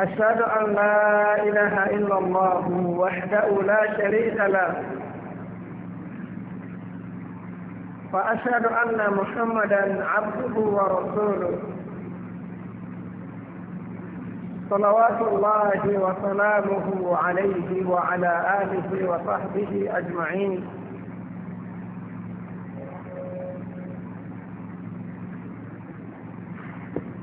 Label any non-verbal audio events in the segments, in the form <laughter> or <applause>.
أشهد أن لا إله إلا الله وحده لا شريك له وأشهد أن محمدا عبده ورسوله صلوات الله وسلامه عليه وعلى آله وصحبه أجمعين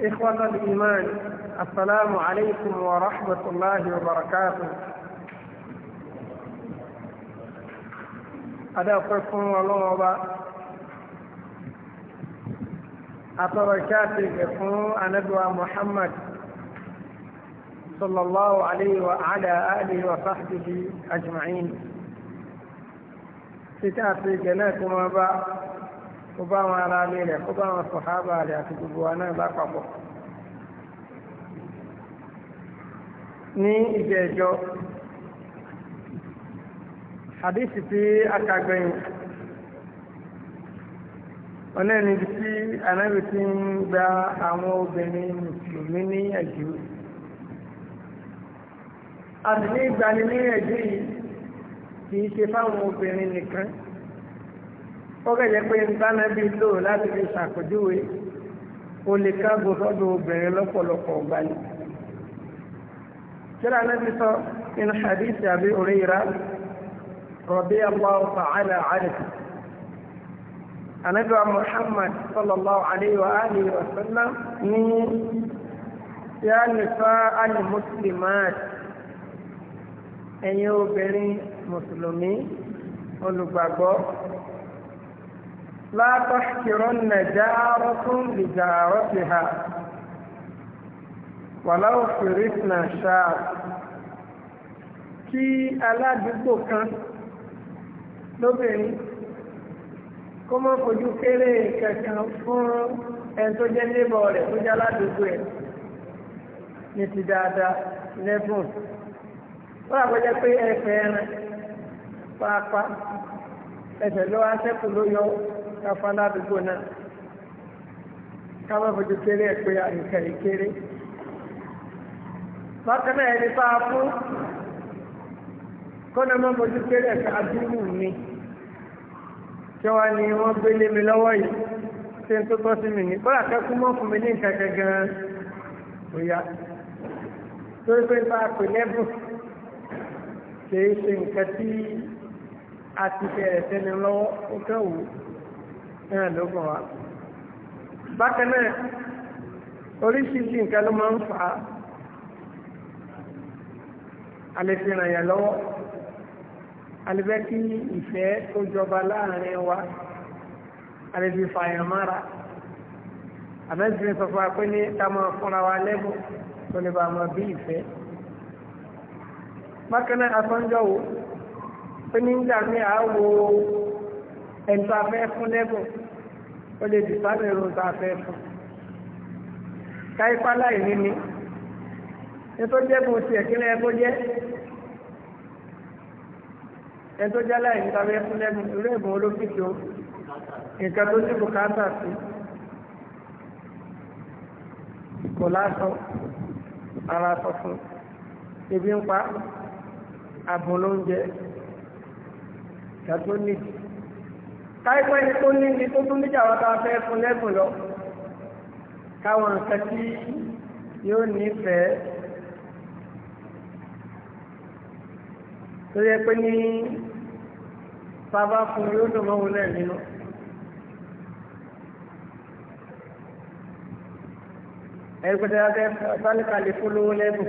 إخوة الإيمان السلام عليكم ورحمة الله وبركاته أدعوكم الله وبركاته أتركاتي فون أندوى محمد صلى الله عليه وعلى آله وصحبه أجمعين ستأتي جنات وما kó bá wọn ara lé rẹ̀ kó bá wọn sọ̀hábà rẹ̀ àti gbogbo wa náà lápapọ̀. ní ìjẹ́jọ́ hadisi tí a kà gbẹ̀yìn ọ̀nà ẹni tí anábì ti ń gba àwọn obìnrin mùsùlùmí ní ẹ̀jú a ìgbani ní ẹ̀jú yìí kì í ṣe fáwọn obìnrin nìkan kọ́kẹ́jẹ́ pé ntánẹ́bí lò láti fi ṣàpèjúwe o lè kágo sọ́dọ̀ obìnrin lọ́pọ̀lọpọ̀ ọ̀gbálẹ̀. kíra nẹ́bí sọ inú hadith àbí orí ira rọ̀bí allahu ta'ala alẹ́ anabiwa muhammad sallallahu alayhi wa alihi wa sallam ni ya nifa al muslimat ẹ̀yin obìnrin mùsùlùmí olùgbàgbọ́ لا تحقرن جارة لجارتها ولو فرثنا شاء kí aládùúgbò kan lóbìnrin kó má fojú kéré kankan fún ẹni tó jẹ́ níbọ̀ rẹ̀ tó jẹ́ aládùúgbò ẹ̀ ní ti dáadáa lẹ́bùn wọ́n àgbẹ̀jẹ́ pé ẹ̀fẹ̀ ẹran pàápàá ẹ̀fẹ̀ ló wá sẹ́kù ló yọ káfá ládùúgbò náà ká má fojú kéré ẹ̀ pé àyíká yìí kéré bákan náà ẹni bá a fún kọ́nà má fojú kéré ẹ̀ka àdúgbò mi tí wọ́n ní wọ́n gbélé mi lọ́wọ́ yìí tí n tó tọ́ sí mi ní kọ́lá kẹ́kú mọ́ fún mi ní nǹkan gangan bóyá torí pé bá a pè lẹ́bùn kì í ṣe nǹkan tí a ti fẹ̀rẹ̀ sẹ́ni lọ́wọ́ ó kẹ́ wò ó náà ló bọ̀ wá. bákan náà oríṣiríṣi nǹkan ló máa ń fà á a lè fi ràn yàn lọ́wọ́ a lè fẹ́ kí ìfẹ́ tó jọba láàrin wa a lè fi fààyàn mára àmẹ́sìn sọ fún wa pé ní ká máa fúnra wa lẹ́bùn tó lè bá máa bí ìfẹ́ bákan asọ́njọ́ wo pé nígbà míì àá wo ẹ̀ńtọ́ afẹ́ fún lẹ́bùn ó lè dìsáàmì irun tá a fẹ́ fún káyípa láì ní ni ní tó jẹ́ bó tiẹ̀ kí lẹ́yìn kó jẹ́ ẹni tó jẹ́ láì ní tàbí ẹkún lẹ́nu irú ẹ̀bùn olókìkí o nǹkan tó ní bùkátà sí kò lásọ ara sọ fún ebi ń pa àbùn lóúnjẹ ìgbà tó nìdí káyipẹ́ ni tó ní ibi tó tún níjà wá ká fẹ́ fún lẹ́bùn lọ káwọn nǹkan tí yóò nífẹ̀ẹ́ tó yẹ pé ní bàbá fún yóò dùn mọ́wọ́ náà nínú. ẹgbẹ́ta abẹ́ bánikalẹ̀ fún lówó lẹ́bùn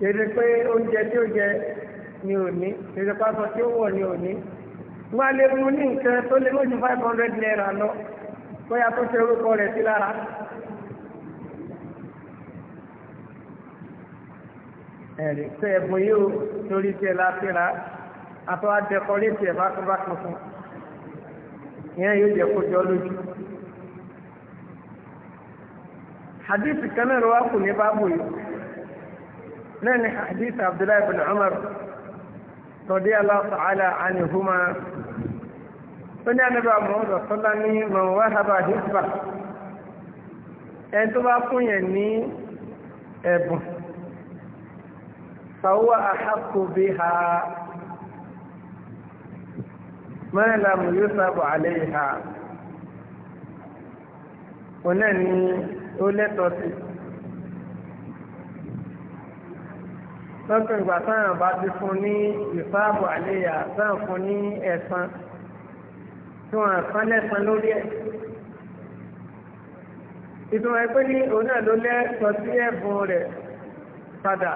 kéde pé oúnjẹ tí ó jẹ ni ò ní tí ó wọ̀ ni ò wọ́n á lè fún ní nǹkan tó lè mọ́jú five hundred naira lọ bóyá tó ṣe orúkọ rẹ̀ sí lára. ẹ̀rí pé ẹ̀bùn yìí ó torí tiẹ̀ láfíra àtọ́ adẹ́kọ̀rẹ́tì ẹ̀ bákanbákan fún ìyẹn yóò jẹ́ kó jọ lójú. hadith kan náà ló wá kù ní báàbò yìí náà ni hadith abdullahi bin ó ní àníbà mọ́ọ̀dọ̀ sọ́lá ní mọ̀wá sábà hìsbà ẹni tó bá fún yẹn ní ẹ̀bùn fàwọ́ àhàkù bí ha mọ́ẹ̀lámù yóò sábà àlẹ́ ìhà òun náà ni ó lẹ́tọ̀ọ́ sí lọ́pọ̀ ìgbà táwọn bá ti fún ní ìfáàbò àléyà táwọn fún ní ẹ̀san tí wọ́n àfánlẹ̀ san lórí ẹ̀. ìtumọ̀ ẹgbẹ́ ní òun náà ló lẹ́tọ̀ sí ẹ̀bùn rẹ̀ padà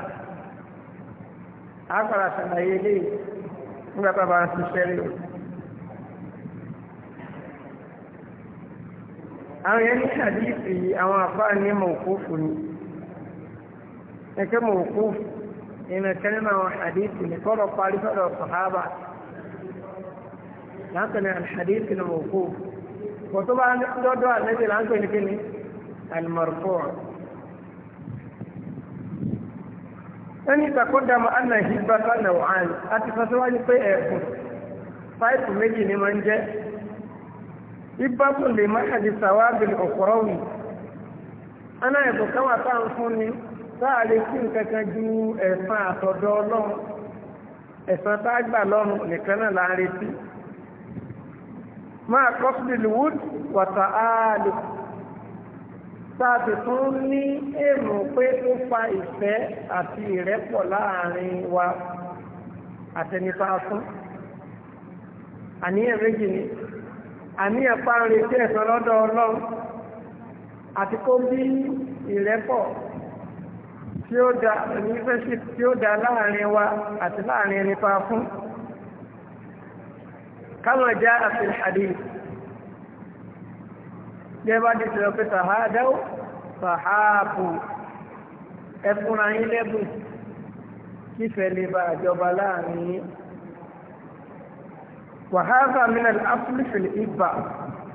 àpàrà ṣàlàyé ilé nígbà tá a bá ń ṣiṣẹ́ rí o. àwọn yẹn ní àdíìsì yìí àwọn àbá ní mọ̀kúfù ni ẹ̀kẹ́ mọ̀kúfù ìrìnàkẹ́ nínú àwọn àdíìsì ní kọ́rọ̀ parí sọ́dọ̀ sọ̀hábà láǹkàní الحديث ni mawquf kò tó bá dọ́dọ́ ànábì láǹkàní kí ni almarfu' wọ́n ní ìtàkùndàmọ́ anna hibbata naw'an àti fasiwájú pé ẹ̀kùn fáìpù méjì ni máa ń jẹ́ hibbatu lè má hàdì sàwábìl ukhrawi ana ẹ̀bùn kan wà táà ń fún ni sáàlè ju ẹ̀san àtọ̀dọ̀ ọlọ́run ẹ̀san tá a gbà lọ́run nìkan la ń Ma kọ́sìlì lùwúd wàtà áàlù sáàtì tún ní èrò pé ó fa ìfẹ́ àti ìrẹ́pọ̀ láàrin wa àtẹnipa fún àníyàn méjì ni àníyàn pa ń retí ẹ̀san lọ́dọ̀ ọlọ́run àti kó bí ìrẹ́pọ̀ tí ó da relationship tí ó da láàrin wa àti láàrin ẹnipa fún. كما جاء في الحديث جبا دي سلوك تهادوا فحافوا ẹfúnra yín lẹ́bùn kífẹ́ lè bá àjọba láàrin yín wàhálà mìíràn áfíríkìlì ìgbà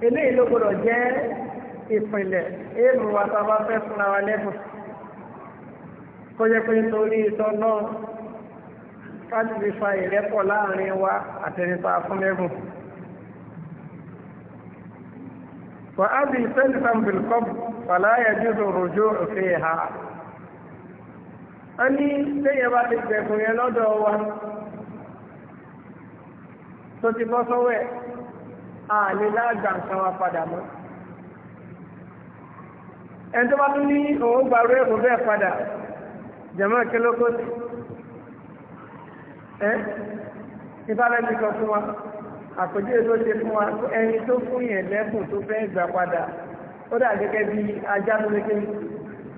eléyìí ló gbọdọ̀ jẹ́ ìpìlẹ̀ èèmù wa tá a bá fẹ́ fúnra wa lẹ́bùn kó jẹ́ pé nítorí ìtọ́ náà káàdì lè fa ìrẹ́pọ̀ láàrin wa àtẹnipa fún ẹ̀bùn. وهذه سلفا بالقبض فلا يجوز الرجوع فيها a ní lẹ́yìn bá ti gbẹ̀kùn yẹn lọ́dọ̀ wa tó ti bọ́ sọ́wọ́ ẹ̀ a lè láàgbà nǹkan wa padà mọ́ ẹni tó bá tún ní òun gbàrú ẹ̀kọ́ bẹ́ẹ̀ padà jẹ̀mọ́ kí ẹ́ ìbálẹ́bí kan fún wa àpèjúwe tó ṣe fún wa ẹni tó fún yẹn lẹ́kùn tó fẹ́ gbà padà ó dà gẹ́gẹ́ bí ajá tó lékè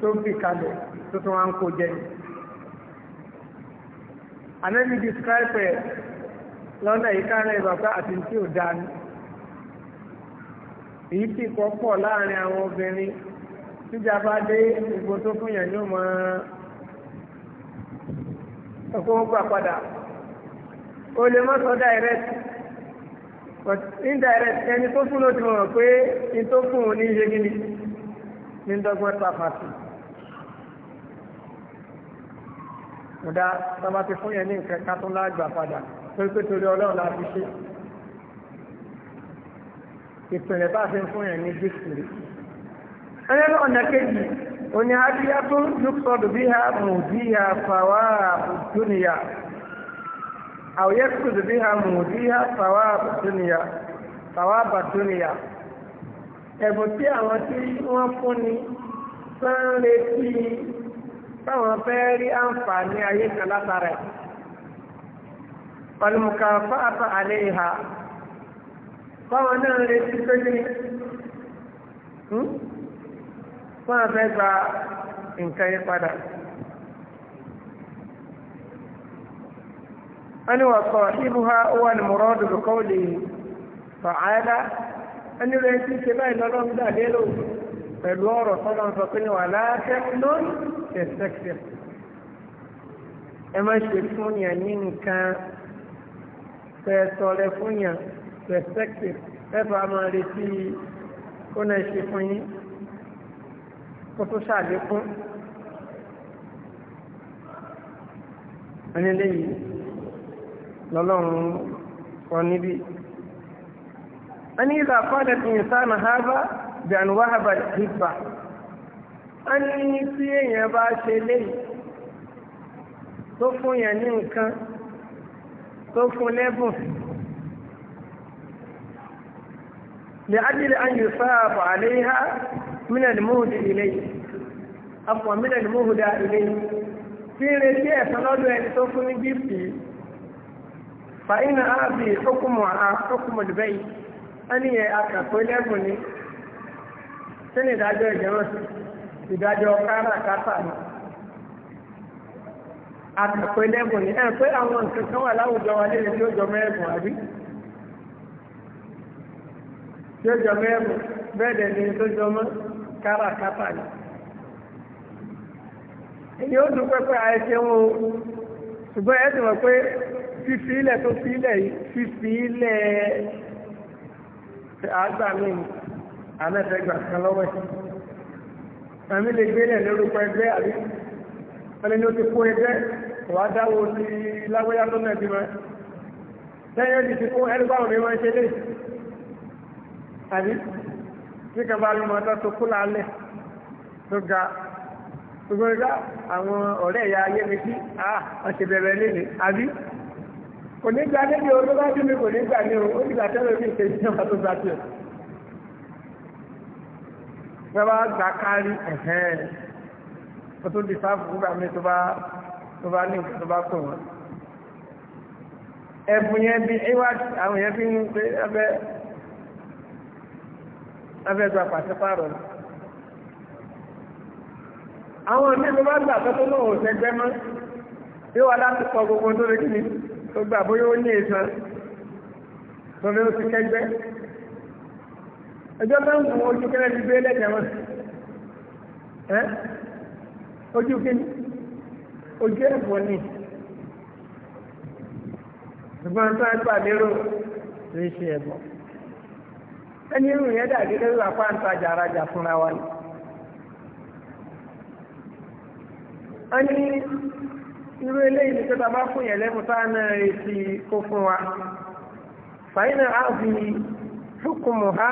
tó fi kalẹ̀ tó tún wá ń kó describe ẹ̀ lọ́nà àti tí ò èyí fún yẹn ọkọ̀ gbà o lè mọ́ sọ direct but indirect ẹni tó fún ló ti mọ̀ pé ní tó fún òun ní iye gíní ní dọ́gbọ́n pàpàtì kódà tọ́ba ti fún yẹn ní nǹkan ká tó lágbà padà tó pé torí ọlọ́run la fi ṣe ìpìlẹ̀ bá fi ń fún yẹn ní gíkìrì ẹni ní ọ̀nà kejì òní adíyá tó yúkọ̀ dùbí ha mùdí ha fàwa òdúnìyà. أو يقصد بها موديها ثواب الدنيا ثواب الدنيا ẹ̀bùn tí àwọn tí wọ́n fún ni máa ń retí táwọn fẹ́ rí àǹfààní ayé kan látara ẹ̀. ọ̀lùmùkà fáfá àlẹ́ ìhà fáwọn náà ń retí ní hmm? wọ́n fẹ́ gba nǹkan yẹn padà. أني وصاحبها هو المراد بقوله تعالى أن يأتي سباء لهم دليل فالوار صلى الله عليه وسلم ولا تحنن تستكثر أما شفون يمين كان فيصرفون تستكثر ẹfà máa retí kó náà ṣe fún yín kó lọ́lọ́run wọn níbí a ní ìlà kọ́dẹ̀ tí ìsáàmà hábá bí ànúwà hábà ìgbà a ní tí èèyàn bá ṣe léyìí tó fún yẹn ní nǹkan tó fún lẹ́bùn lè ájílẹ̀ ayò sáàbà àléhá mínàlì múhùdá ilé afọ̀ mínàlì múhùdá ilé tí ń retí ẹ̀sán lọ́dọ̀ ẹni tó fún ní gífì yìí fàyín náà á bí hukumu a hukumu dubai ẹni yẹ akàkọ́ lẹ́gùn ni tí ni ìdájọ́ ìjọba ìdájọ́ káràkátà ni akàkọ́ lẹ́gùn ni ẹ pé àwọn nǹkan kan wà láwùjọ wa lẹ́yìn tí ó jọ mẹ́ẹ̀gùn àbí tí ó jọ mẹ́ẹ̀gùn bẹ́ẹ̀ dẹ̀ ni tó jọ mọ́ káràkátà ni èyí ó dúpẹ́ pé àìsí wọn ṣùgbọ́n ẹ ti mọ̀ pé fífi ilẹ̀ tó fi ilẹ̀ yìí fífi ilẹ̀ àgbà mi àmẹ́fẹ́gbà kan lọ́wọ́ ẹ̀ àmì lè gbélẹ̀ lórúkọ ẹgbẹ́ àbí ẹni ní ó ti kó ẹgbẹ́ wàá dáwó sí lágbóyá tó náà ti mọ́ lẹ́yìn ó ti ti kó ẹni báwọn mi máa ń ṣe lé àbí bí kan bá rí mọ́ ọ̀dọ́ tó kú lálẹ́ tó ga gbogbo ẹgbẹ́ àwọn ọ̀rẹ́ ìyá ayé mi sí àá ah, ọ̀ṣẹ̀ bẹ̀rẹ̀ lé kò ní gba níbi oró bá dé mi kò ní gbà ní o ó ti gbà tẹ́lẹ̀ mi ìṣe ìṣe ọmọ tó gbà tiẹ̀. bẹ́ẹ̀ bá gbà kárí ẹ̀hẹ́n kó tó di sáfù nígbà mi tó bá tó bá ní nǹkan tó bá pè wọ́n. ẹ̀bùn yẹn bí ìwà àwọn yẹn fi ń pé abẹ́ abẹ́ gba pàṣípààrọ̀ ni àwọn mímu bá gbà tó tó lóhùn sẹgbẹ́ mọ́ bí wà láti kọ gbogbo tó lè kí ni tó gbà bóyá ó ní ìsan tọ́lé ó ti kẹ́gbẹ́ ẹjọ́ bá ń wọ ojú kẹ́lẹ́ ti gbé lẹ́tẹ̀ wọn ẹ́ ojú kí ni ojú ẹ̀fọ́ ni ṣùgbọ́n tó ń lè ṣe ẹ̀bọ̀ ẹni irú yẹn apá ń tajà arajà fúnra irú eléyìí ní pẹ́ta bá fún yẹn lẹ́bùn tá náà retí kó fún wa fàyínà á fi fúkùmù ha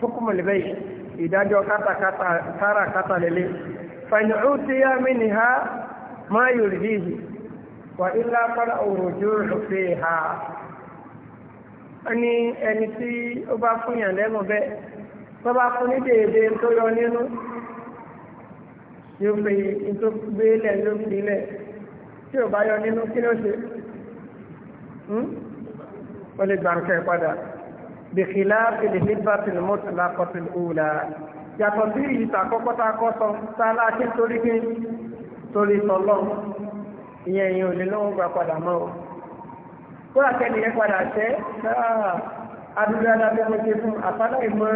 fúkùmù lè bẹ́yìí ìdájọ́ kátàkátà káràkátà lélẹ̀ fàyínà ó ti yá mí ni ha máa yòrì yìí wà ilá padà òròjú òfin ha ní ẹni tí ó bá fún yẹn bẹ́ẹ̀ tó bá fún ní dèédé tó yọ nínú yóò fi tó gbé lẹ̀ ló tí ò bá yọ nínú kí ló ṣe hmm? ó lè gbà nǹkan padà bìkìlá ìlèhìbá tìlmọ́tì lápọ̀tì òòlà yàtọ̀ sí ìta kọ́kọ́ tá a kọ́ sọ tá a láti torí kí torí sọlọ́ ìyẹn ìyẹn ò lè lọ́wọ́ gbà padà mọ́ o kó àtẹnì yẹn padà tẹ́ adúlé adájọ́ mo ṣe fún àfáàlà ìmọ̀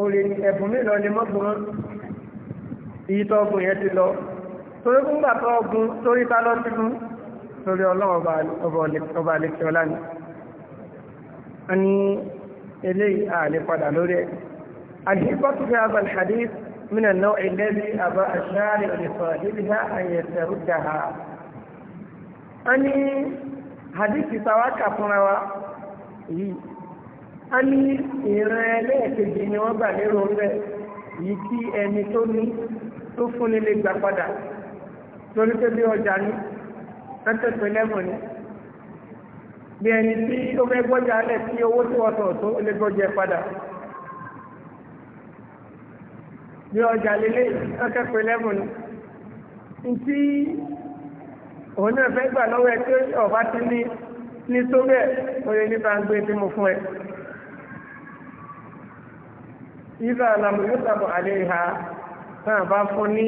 òòlè ẹ̀bùn mi lọ lè mọ́ bùn ìyítọ́ ọ̀gùn yẹn ti lọ torí fún gbà tó ọgùn torí ta lọ sínú torí ọlọ́run ọba àlekẹ́ ọlá ni a ní eléyìí àlè padà lórí ẹ̀ الحكمة في هذا الحديث من النوع الذي أبى الشارع لصاحبها أن يتردها أني حديث سواك فنوا ani ìrẹ̀lẹ̀ kejì ni wọ́n gbà lérò rẹ̀ tó fúnni lè gbà padà torí pé bí ọjà ní pẹ́tẹ́pẹ́ lẹ́mọ̀ ni bí ẹni tí ó fẹ́ gbọ́jà alẹ̀ tí owó tí wọ́n sọ̀ tó lè gbọ́jà padà bí ọjà lélẹ̀ pẹ́tẹ́pẹ́ lẹ́mọ̀ ni ntí òun náà fẹ́ gbà lọ́wọ́ ẹ pé ọ̀bá ti ní ní tó bẹ́ẹ̀ ó lè nípa gbé tí mo fún ẹ. ìgbà làmúyọ́sàbọ̀ àlè ìhà náà bá fún ní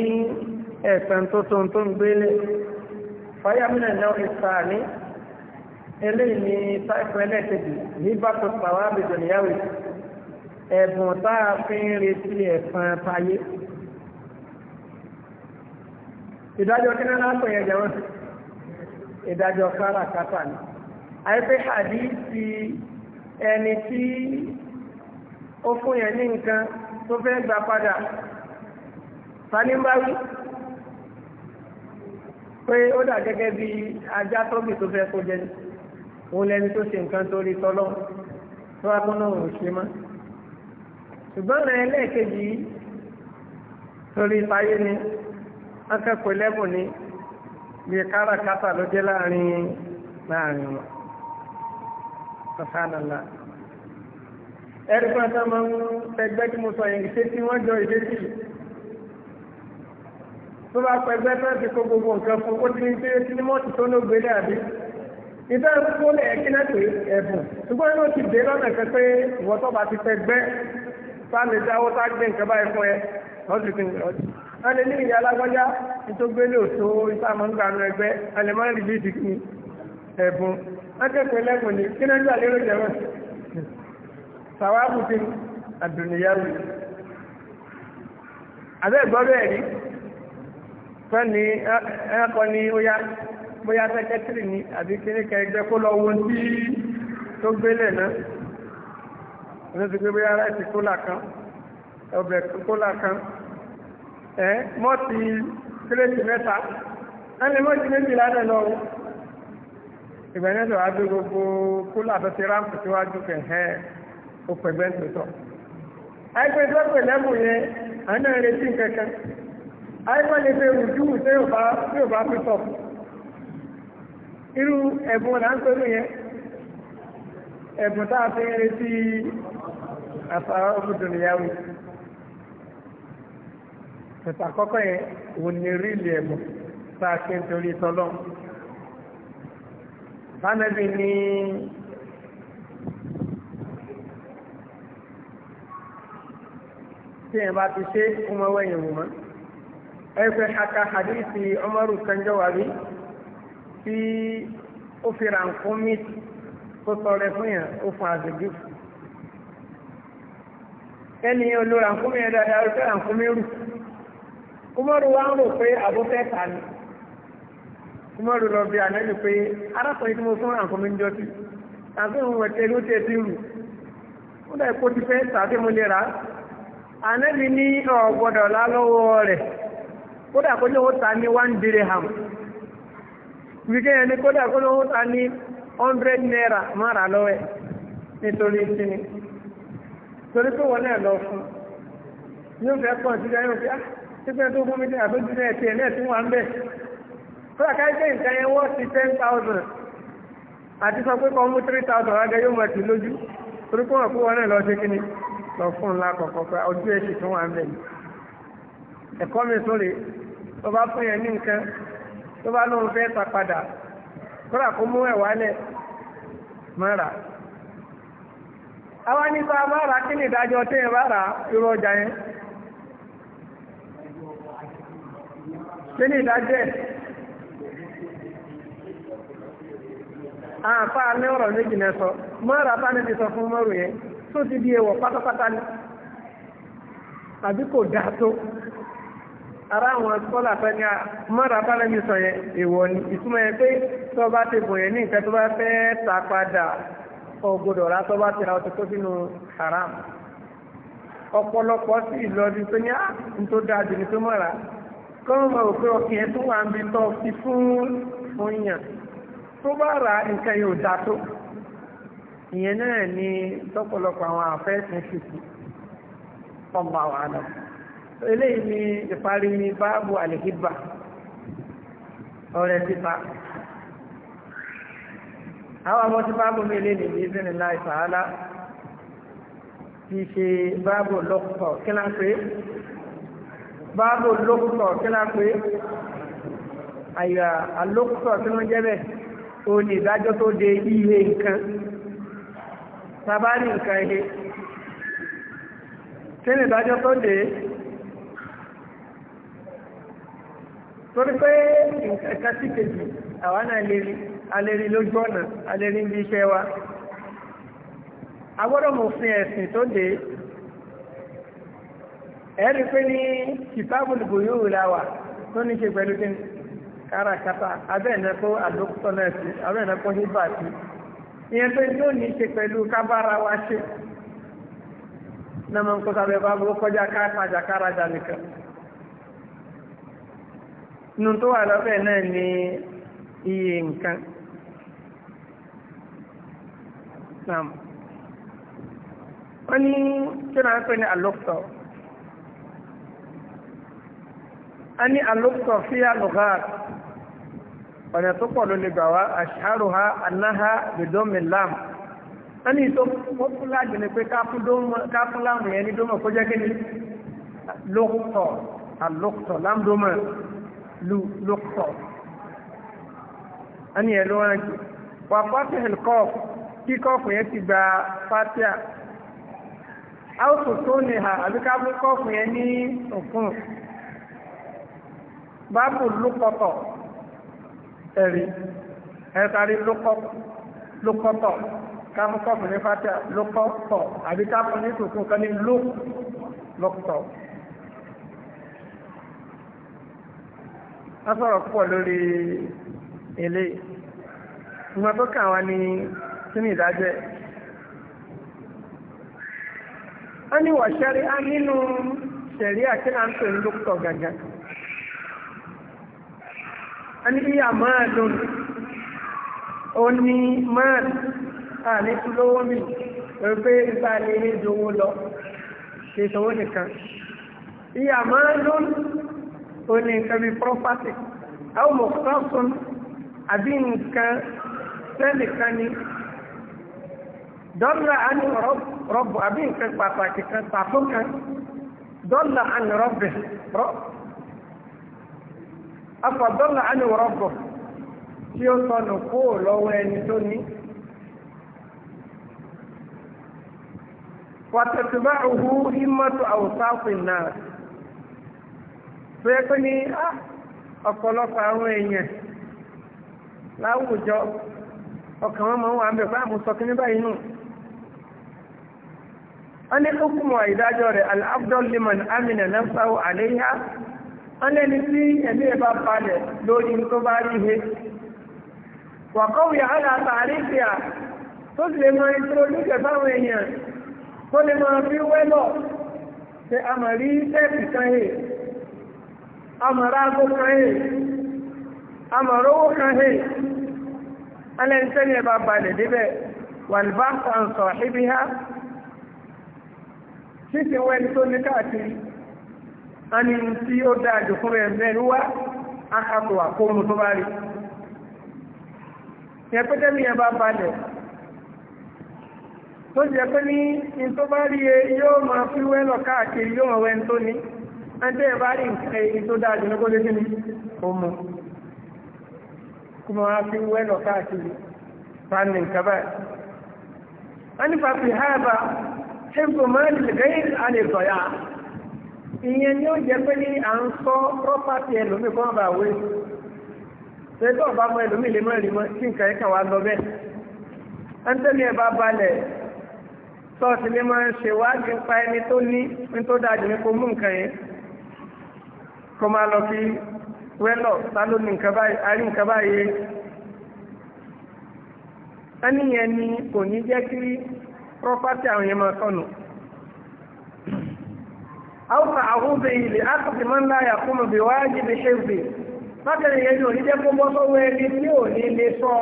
ẹ̀sán tó tó tó ń gbélé fàyàmìnà náà ìsàní eléyìí ní táìpù ẹlẹ́kẹ̀dì ní bàtò sàwọn àbẹ̀dọ̀ níyàwó ẹ̀bùn tá a fi ń retí ẹ̀sán táyé ìdájọ́ kí náà lápò yẹn jẹun ìdájọ́ káràkátà ni àìpé àdíìsì ẹni tí ó fún yẹn ní nǹkan tó fẹ́ gbà padà tani ń bá pé ó dà gẹ́gẹ́ bí ajá tọ́bì tó fẹ́ kó jẹ òun lẹni tó ṣe nǹkan torí tọ́lọ́ tó wá tọ́nà òun ṣe mọ́ ṣùgbọ́n rẹ̀ ẹlẹ́ẹ̀kejì yìí torí táyé ni akẹ́kọ̀ọ́ lẹ́bùn ni bí káràkátà ló jẹ́ láàrin láàrin wọn sọ́sánàlá ẹ̀rí pátá máa ń tẹgbẹ́ tí mo sọ yẹn ṣé tí wọ́n jọ ìdésì tó bá pẹ̀gbẹ́ tó ti kó gbogbo nǹkan fún ó ti ní pé kí ni mọ́tì tó ló gbé dàbí ìfẹ́ fúnlẹ̀ ẹ̀kínà pé ẹ̀bùn ṣùgbọ́n inú ti dé lọ́nà kan pé ìwọ́n tó bá ti pẹ̀gbẹ́ bá lè dáwọ́ tá gbé nǹkan báyìí fún ẹ lọ́sì fi ń lọ́sì. a lè ní ìyá alágbájá nítògbé lè tó ìsámọ́ ń gbanú ẹgbẹ́ a lè má rí bí ti kí ẹ̀bùn akẹ́kọ̀ọ́ lẹ́gbọ̀n ni kí náà gbà lérò jẹ́wọ́n sàwábù ti àdùnnìyàwó àbẹ́ ìgbọ́ fẹ́ni ẹ̀kọ́ ni bóyá sẹ́kẹ́tìrì ni àbí kíníkà ẹgbẹ́ kó lọ wo tí tó gbélẹ̀ náà wọ́n ti gbé bóyá láti kólà kan ọbẹ̀ kólà kan ẹ̀ mọ́tì kírètì mẹ́ta ẹni mọ́tì méjì ládẹ̀ lọ́wọ́ ìgbẹ̀nẹ́sọ̀ adó gbogbo kólà tó ti ráǹpù síwájú kẹ̀hẹ́ ó pẹ̀gbẹ́ tòótọ́ àìpé tó pè lẹ́bù yẹn àná retí kankan àìpẹ́ lè fẹ́ rùjúù tí ò bá pítọ̀ irú ẹ̀bùn là ń na yẹn ẹ̀bùn tá a fi ń retí àfàrà ọmọdún ìyàwó pẹ̀tà àkọ́kọ́ yẹn wò ní ríìlì ẹ̀bùn tá a ṣe ń torí tọ́lọ́ bánẹ́bí ní tí ti ṣe kúmọ́wẹ́yìn wò mọ́. ẹgbẹ́ haka hadithi Umaru kanjawari tí ó fi rànkún mi tó tọrẹ fún yàn ó fún àgbègbè fún ẹni olú rànkún mi yẹn dáadáa ó fẹ́ mi rù Umaru wa ń rò pé àbúfẹ́ ta ni Umaru lọ bí àná ni pé arákùnrin tí mo fún rànkún mi ń jọ sí tàbí òun wẹ̀ tẹ́lú tẹ́ ti rù ó dà kó ti fẹ́ tàbí mo lè rà á àná mi ní ọ̀gbọ́dọ̀ lálọ́wọ́ rẹ̀. kódà kó lówó ta ní one dirham wíkẹ́ yẹn ni kódà kó ní 100 naira mara lọ́wẹ́ nítorí kíni torí pé wọ́n náà lọ fún yóò fẹ́ pọ̀ sí yóò fẹ́ ah, pípẹ́ tó fún mi ní àbójú náà tiẹ̀ náà tún wà ń bẹ̀ kódà ká ten àti sọ pé kọ́ mú yóò mọ̀ sí lójú torí pé wọ́n kó wọn náà lọ sí kíni lọ fún pé ojú ẹ̀kọ́ mi ọ tó bá fún yẹn ní nǹkan tó bá lóun fẹ́ ta padà kódà kó mú ẹ̀wà lẹ̀ máa rà àwa máa rà kí ni ìdájọ́ tí ẹ bá rà irú ọjà yẹn kí ni ìdájọ́ ẹ̀ àǹfà ní ọ̀rọ̀ sọ máa rà bá sọ fún mọ́rù yẹn tó ti ara àwọn sọ́là fẹ́ ní mọ́ra bálẹ́mí sọ yẹn èèwọ̀ ni ìtumọ̀ yẹn pé tó bá ti bùn yẹn ní nǹkan tó bá fẹ́ ta padà ọgbọ́dọ̀ rà tó bá ti ra ọtí tó sínú haram ọ̀pọ̀lọpọ̀ sí ìlọrin pé ní ah, tó dáa jù ní tó mọ́ra kọ́mọ̀ mọ̀ pé ọkàn yẹn tó wà ń bi tọ́ fi fún fún yàn tó bá ra nǹkan yóò dáa tó ìyẹn náà ni tọ́pọ̀lọpọ̀ àwọn àfẹ́ ẹ̀sìn ṣùkú ọgbà wàhálà eléyìí ni ìparí ni báàbù àlèkíbà ọ̀rẹ́ sípa àwọn ọmọ tí báàbù mi lè nìyí sínú láì fàálà ti ṣe báàbù lọ́kùtọ̀ kí náà pé báàbù lọ́kùtọ̀ kí náà pé àyà alókùtọ̀ tí wọ́n jẹ́ bẹ́ẹ̀ o ní ìdájọ́ tó de iye nǹkan sábà nǹkan ihe kí ni ìdájọ́ tó de torí pé nǹkan sí kejì àwa náà lérí alérí lójú ọ̀nà alérí ń bí iṣẹ́ wa agbọ́dọ̀ mọ̀ òfin ẹ̀sìn tó dé ẹ̀rí pé ní yóò tó ní ṣe pẹ̀lú kí abẹ́ẹ̀nẹ́kọ́ abẹ́ẹ̀nẹ́kọ́ ìyẹn pé yóò ní ṣe pẹ̀lú kábára wa ṣe náà mọ̀ nǹkan sábẹ́ bá gbọ́ kọjá ká nìkan. inú tó wà lọ́bẹ̀ náà ni iye nǹkan naam wọ́n ní kí náà pẹ́ ní alóòtọ̀ a ní alóòtọ̀ fi àlùkà ọ̀nà tó pọ̀ ló lè gbà wá àṣàrò ha anáha bìdómi lam wọ́n ní tó pọ́pùlá jù ní pé káfún láàmù yẹn ní dómọ̀ kó jẹ́ kí ni lóòtọ̀ alóòtọ̀ láàmù lukọ ẹni ẹ̀ ló rántí wà pátí hìlkọ́f kí kọ́ọ̀fù yẹn ti gba pátíà áwùsù tó ní ha àbíká fún kọ́ọ̀fù yẹn ní òfun báàbù lukọ̀tọ̀ ẹ̀rí ẹ̀ẹ́tàrí lukọ̀tọ̀ ká fún kọ́ọ̀fù ní pátíà lukọ̀tọ̀ àbíká fún ní tòkun kan ní lukọ̀tọ̀. wọ́n sọ̀rọ̀ púpọ̀ lórí ilé ìmọ̀ tó kàn wá ní sínú ìdájọ́ ẹ̀ wọ́n ní wọ̀ṣẹ́rí á nínú ṣẹ̀rí àti náà ń pè ní dókítọ̀ gàgà wọ́n ní bíyà máa dùn ó ní máa à ní lówó mi pé ìgbà ní ìdówó lọ kì í nìkan ìyà máa dùn ó ní nǹkan bíi property àwọn mọ̀kútọ́sùn àbí nǹkan sẹ́ẹ̀lì kan ní dọ́là àní rọ́bù àbí nǹkan pàtàkì kan pàtó kan dọ́là àní rọ́bù afọ dọ́là àní rọ́bù tí ó sọnù kúrò lọ́wọ́ ẹni tó ní. wàtẹ̀tùbá òhú hímọ́tò àwòsáfin náà tó yẹ pé ní ah, ọ̀pọ̀lọpọ̀ àwọn èèyàn láwùjọ ọkàn wọn máa ń wà ń bẹ̀ fún àmúsọ ah, kí ní báyìí nù wọ́n ní hukumu ìdájọ́ rẹ̀ al-afdal liman amina nafsahu alayha wọ́n tí ẹ̀mí ẹ̀ bá balẹ̀ lórí tó bá rí he wàkọ́wì àlà tààrífì à tó sì lè máa tó lókè fáwọn èèyàn tó lè máa fi wẹ́lọ̀ ṣe àmàrí tẹ́ẹ̀pì kan hẹ̀ amara agbó kan hẹ̀ àmọ̀rá owó kan hẹ̀ alẹ́nisẹ́ni ẹ̀ bá ibi ha sísìn wọ́n ẹni tó ní káàkiri a ní tí ó dáa jù fún ẹ̀ bẹ́ẹ̀ wá akakò àkóhun tó bá rí yẹ pé tẹ́mi ma fi ẹ̀ntẹ́ ẹ̀bá rí nǹkan èyí tó dáa jù lọ́kọ́ lẹ́gbẹ̀ẹ́ ni ó mú kí mo wá fi wẹ́lọ̀ káàkiri bá ní nǹkan báyìí. wọ́n ní fàfi háàbà ṣéǹkò máa ń lè gẹ́yìn àlè tọ̀yà ìyẹn ni ó jẹ́ pé ní à ń sọ pọ́pátì ẹlòmíì kọ́ bá wé ṣe tó ọba mọ ẹlòmíì lè mọ ẹ̀rí mọ kí nǹkan ẹ̀ka wa lọ bẹ́ẹ̀. ẹni tó ní tó dáa ní kó mú nǹkan yẹn kọ́ máa lọ fi wẹ́lọ̀ sáló ní nǹkan báyìí arí nǹkan báyìí ẹni yẹn ni kò ní jẹ́ kí pọ́pátì àwọn yẹn máa sọnù. àwùfà àhúbẹ̀ ilẹ̀ àkọsí máa ń láyà fún mi bí wáyé bí ṣe bì bákẹ́rẹ́ yẹn ni ò ní jẹ́ kó bọ́ sọ́wọ́ ẹni tí ò ní lè sọ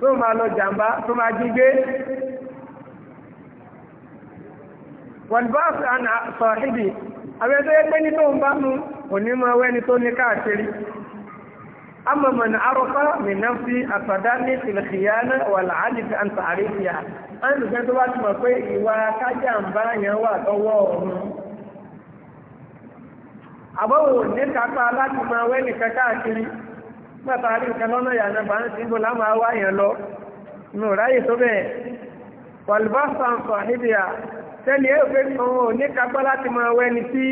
tó máa lọ jàǹbá tó máa jí gbé àná sọ̀hídìí àbẹ́ tó yẹ pé ní tóun bá mú òní máa wẹ́ni tó ní káàkiri amọ̀mọ̀ ní arọ́fá mìíràn fi àtàdá ní ìlẹ̀kìyàná wà láàájì fi àǹtà àríkìyà alùpẹ́ tó bá ti mọ̀ pé ìwà kájà ń bá yẹn wà tọwọ́ ọ̀run àbọ̀wò ní kápá láti máa wẹ́ni káàkiri pàtà àrí lọ́nà ìyànà bá ń síbò láwọn awáyàn lọ nù ráyè tó bẹ́ẹ̀ wàlúbá sàǹfà tẹ́lẹ̀ yóò fẹ́ tún òní kagbá láti máa wẹ́ni tí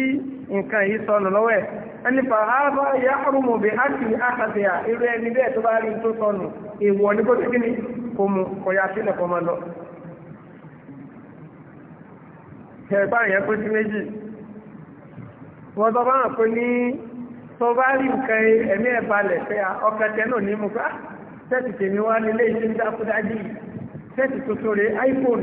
nǹkan yìí sọnù lọ́wọ́ ẹ̀ ẹni fàhábà yà ọ̀rùmù bí a kì í àkàtìyà irú ẹni bẹ́ẹ̀ tó bá rí tó sọnù èèwọ̀ ní kó tẹ́kí ni kò mú kò yà sílẹ̀ kó máa lọ. ẹ̀bá yẹn pé sí méjì wọ́n tó tẹ́tì tèmi wá nílé iṣẹ́ dákúdájì tẹ́tì tuntun rẹ̀ iPhone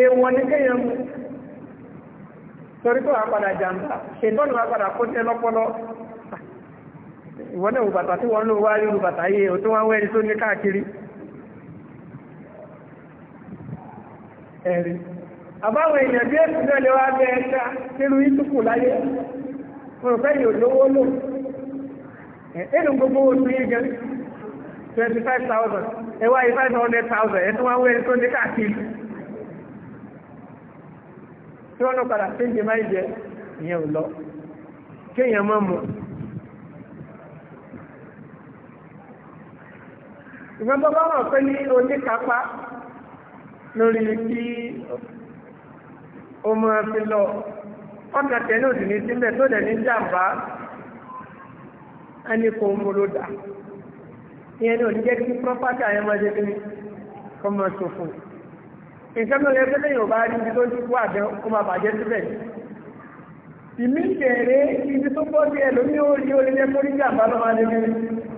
èèwọ̀ ní kéèyàn mú torí pé wàá padà jàǹbá ṣètọ́nù wàá padà kó tẹ́ lọ́pọ́lọ́ ìwọ́n náà bàtà tí wọ́n lò wá bàtà tó wá tó ní káàkiri ẹ̀rí àbáwọn èèyàn bí èsì náà lè wá bẹ ẹ̀ka nínú ìtukù láyé wọn ò fẹ́ lówó lò gbogbo oṣù yìí twenty five thousand wá yìí five tí wọ́n lọ padà tí ń jẹ máa jẹ ìyẹn ò lọ kéèyàn máa mọ̀ ìgbọ́n tó bá wọ̀n pé ní oníkápá lórí kí o máa fi lọ ọ̀nà tẹ̀lé òdì ní sílẹ̀ tó dẹ̀ ní jàmbá ẹni kò ń múlò dà ìyẹn ní òní jẹ́ kí pọ́pátì àyẹ̀mọ́ jẹ́ kí ọmọ ṣòfò nǹkan tó yẹ pẹ́lẹ́ yóò bá rí ibi tó ti kú àjẹ́ kó máa bàjẹ́ síbẹ̀ ìmí kẹrẹ ibi tó pọ̀ sí ẹlòmí ó rí orí lẹ́kọ́ rí jàmbá lọ́wọ́ adébẹ́rẹ́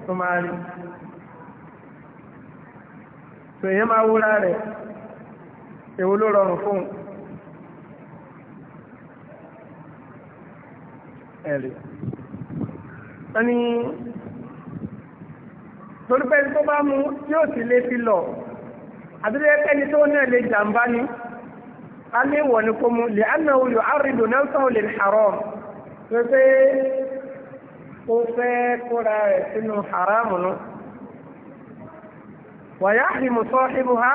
tó máa rí tò èèyàn máa wúra rẹ̀ èwo ló rọrùn fún ẹ̀rì wọ́n ni torípẹ́ tó bá mú yóò sì lé fi lọ àbílẹ̀ ẹni tó náà lè jàǹbá ni a lè wọ̀ ní kó mu lè àná olù àrídò náà sọ̀rọ̀ lè haram pépé ó fẹ́ kóra rẹ̀ sínú haramu nù. wàyà àhìmù sọ́ọ́hìmù ha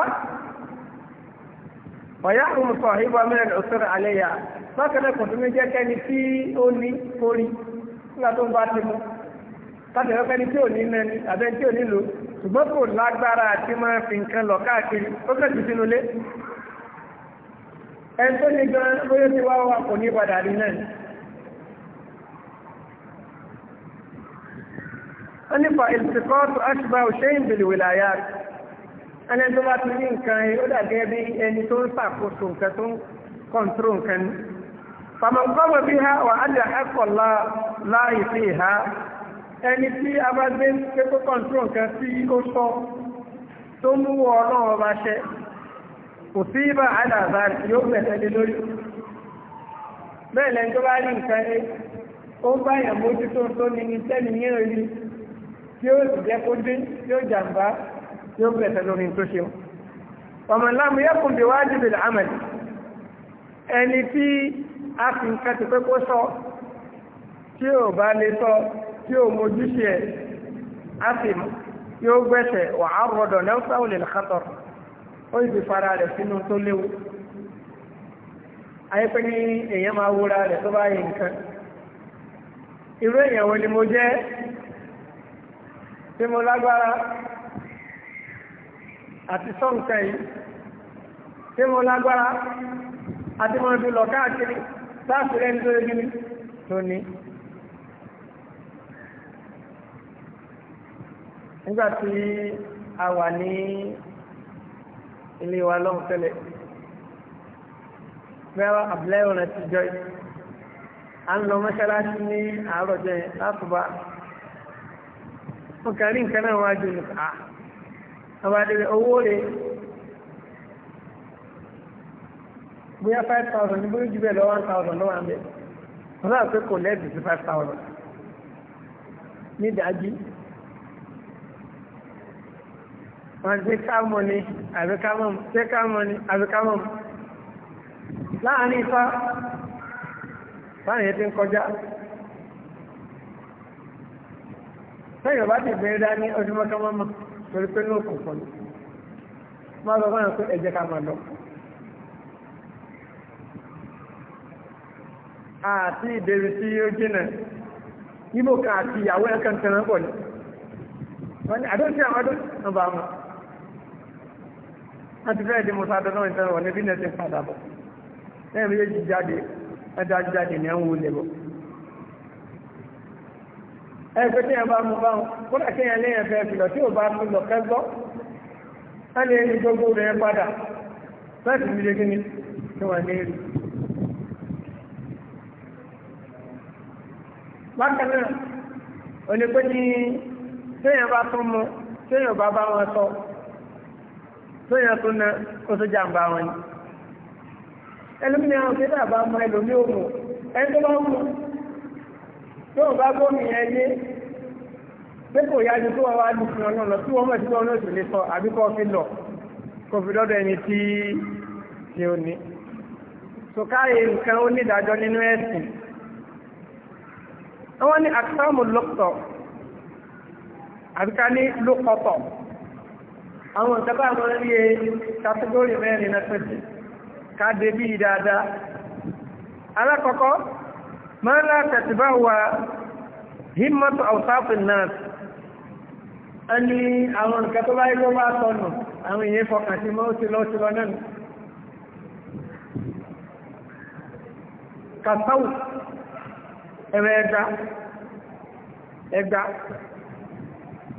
wàyà àhìmù sọ́ọ́hìmù amílẹ̀ òṣèré yà bákanáà kò tún ní jẹ́ kẹ́ni tí ó ní orí nígbà tó ń bá ti mú káàkiri ọ̀kẹ́ni tí ò ní mẹ́ni àbẹ́ tí ò ní lò ó ṣùgbọ́n kò lágbára àti máa fi nǹkan lọ káàkiri ó kẹ́sì sínú ilé ẹni tó ní gan lóyè tí wá wà kò ní padà rí náà wọ́n nípa ìsìnkọ́ọ̀tù àṣìbá òṣèyìn bìlìwìlàyà ẹni tó bá ti ní nǹkan ó dàgẹ́ bí ẹni tó ń ṣàkóso nǹkan tó ń kọ̀ǹtúrò nǹkan ni. fàmọ̀gbọ́mọ̀ bí ha wà á dà ẹ̀kọ́ láàyè sí ìhá ẹni tí a bá gbé pépé kọ̀ǹtró nǹkan tí ó sọ tó mú wọ ọlọ́run ọba ṣẹ kò sí ibà àdàbà yóò gbẹ̀sẹ̀ lé lórí bẹ́ẹ̀ lẹ́ni tó bá rí nǹkan ní ó bá yàn mójútó tó ní ní sẹ́ni yẹn rí tí ó sì jẹ́ kó dín tí ó jàǹbá tí ó lórí tó ṣe ọmọ yẹ́kùn bí wájú bìlà àmàlì ẹni tí a fi nǹkan ti pé kó sọ tí ò bá lè sọ tí ò mójúṣe ẹ̀ á sì yóò gbẹ̀sẹ̀ wà á rọ̀dọ̀ lẹ́wọ́sà ò lè lọ́kàtọ̀ ó sì fara rẹ̀ sínú tó léwu àyẹ́pẹ́ ní èèyàn máa wúra rẹ̀ tó bá yẹ nǹkan irú èèyàn wo ni mo jẹ́ tí mo lágbára àti sọ́ǹkẹ́ yìí tí mo lágbára àti mo fi lọ káàkiri sáàsì rẹ̀ nítorí gíní tó ní. nígbà tí a wà ní ilé wa lọ́hùn tẹ́lẹ̀ fẹ́ràn àbúlẹ́wò rẹ̀ ti jọ yìí à ń lọ mọ́ṣáláṣí ní àárọ̀ jẹ́ látùbá mo kàn nǹkan náà wájú nìkan àwọn àdèrè owó rẹ̀ bóyá five thousand ní bóyá jù bẹ́ẹ̀ lọ one thousand lọ́wọ́ àmì wọ́n náà pé kò lẹ́ẹ̀dì sí five thousand ní ìdájí wọ́n ti ká mọ́ ni àbí ká mọ́ ni àbí ká mọ́ mu. ifá báyìí ti ń kọjá sẹ́yìn ọba ti bẹ̀rẹ̀ dání ọdún mọ́kànmọ́mọ́ torí pé ní òkú ní. má lọ báyìí pé ẹ̀jẹ̀ ká máa lọ. àti ìbéèrè jìnà kan àti ìyàwó pọ̀ ní. wọ́n àdóńtì wọ́n ti fẹ́ẹ̀ di musa dọ́nà ìtẹ́rọ wọn ní bí nẹ́ẹ̀tì padà bọ̀ lẹ́yìn méjèèjì jáde ẹ̀dá jáde ní ẹ̀hún wọlé bọ̀ ẹgbẹ́ tí ẹ bá mú báwọn kódà kí ẹ léyìn ẹ̀fẹ́ fìlọ tí ò bá mú lọ kẹ́gbọ́ wọ́n lè ní gbogbo rẹ̀ padà láti fi lé kíní tí wọ́n lè rí. bákan náà onípe ní téèyàn bá tún mú téèyàn bá bá wọn sọ lóyìn tó na kó tó jàǹbá wọn ni ẹlòmíní àwọn tó dàbà mọ ẹlòmí ò mọ ẹni tó bá mọ tó o bá gómìn yẹn lé pé kò yá ju tó wọn wá ní fún ọ náà lọ tí wọn mọ ìdíwọ náà sì lè sọ àbí kó fi lọ kó fi dọdọ ẹni tí tí ó ní. sọkáyé nǹkan ó ní ìdájọ́ nínú ẹ̀sìn àwọn ní àkàmù lọ́pọ̀ àbíká ní lókọ̀tọ̀ àwọn ìtàkà àwọn orí kàtígórì mẹ́rin na pẹ̀sì káàdé bí dáadáa alákọ̀ọ́kọ́ máa látàtìbá wa himmatu ausafin náà a ní àwọn nǹkan tó bá ilé wá sọnù àwọn èèyàn fọkàn sí mọ́ sí lọ́ sí lọ náà kàtàwù ẹ̀rẹ̀ ẹgbà ẹgbà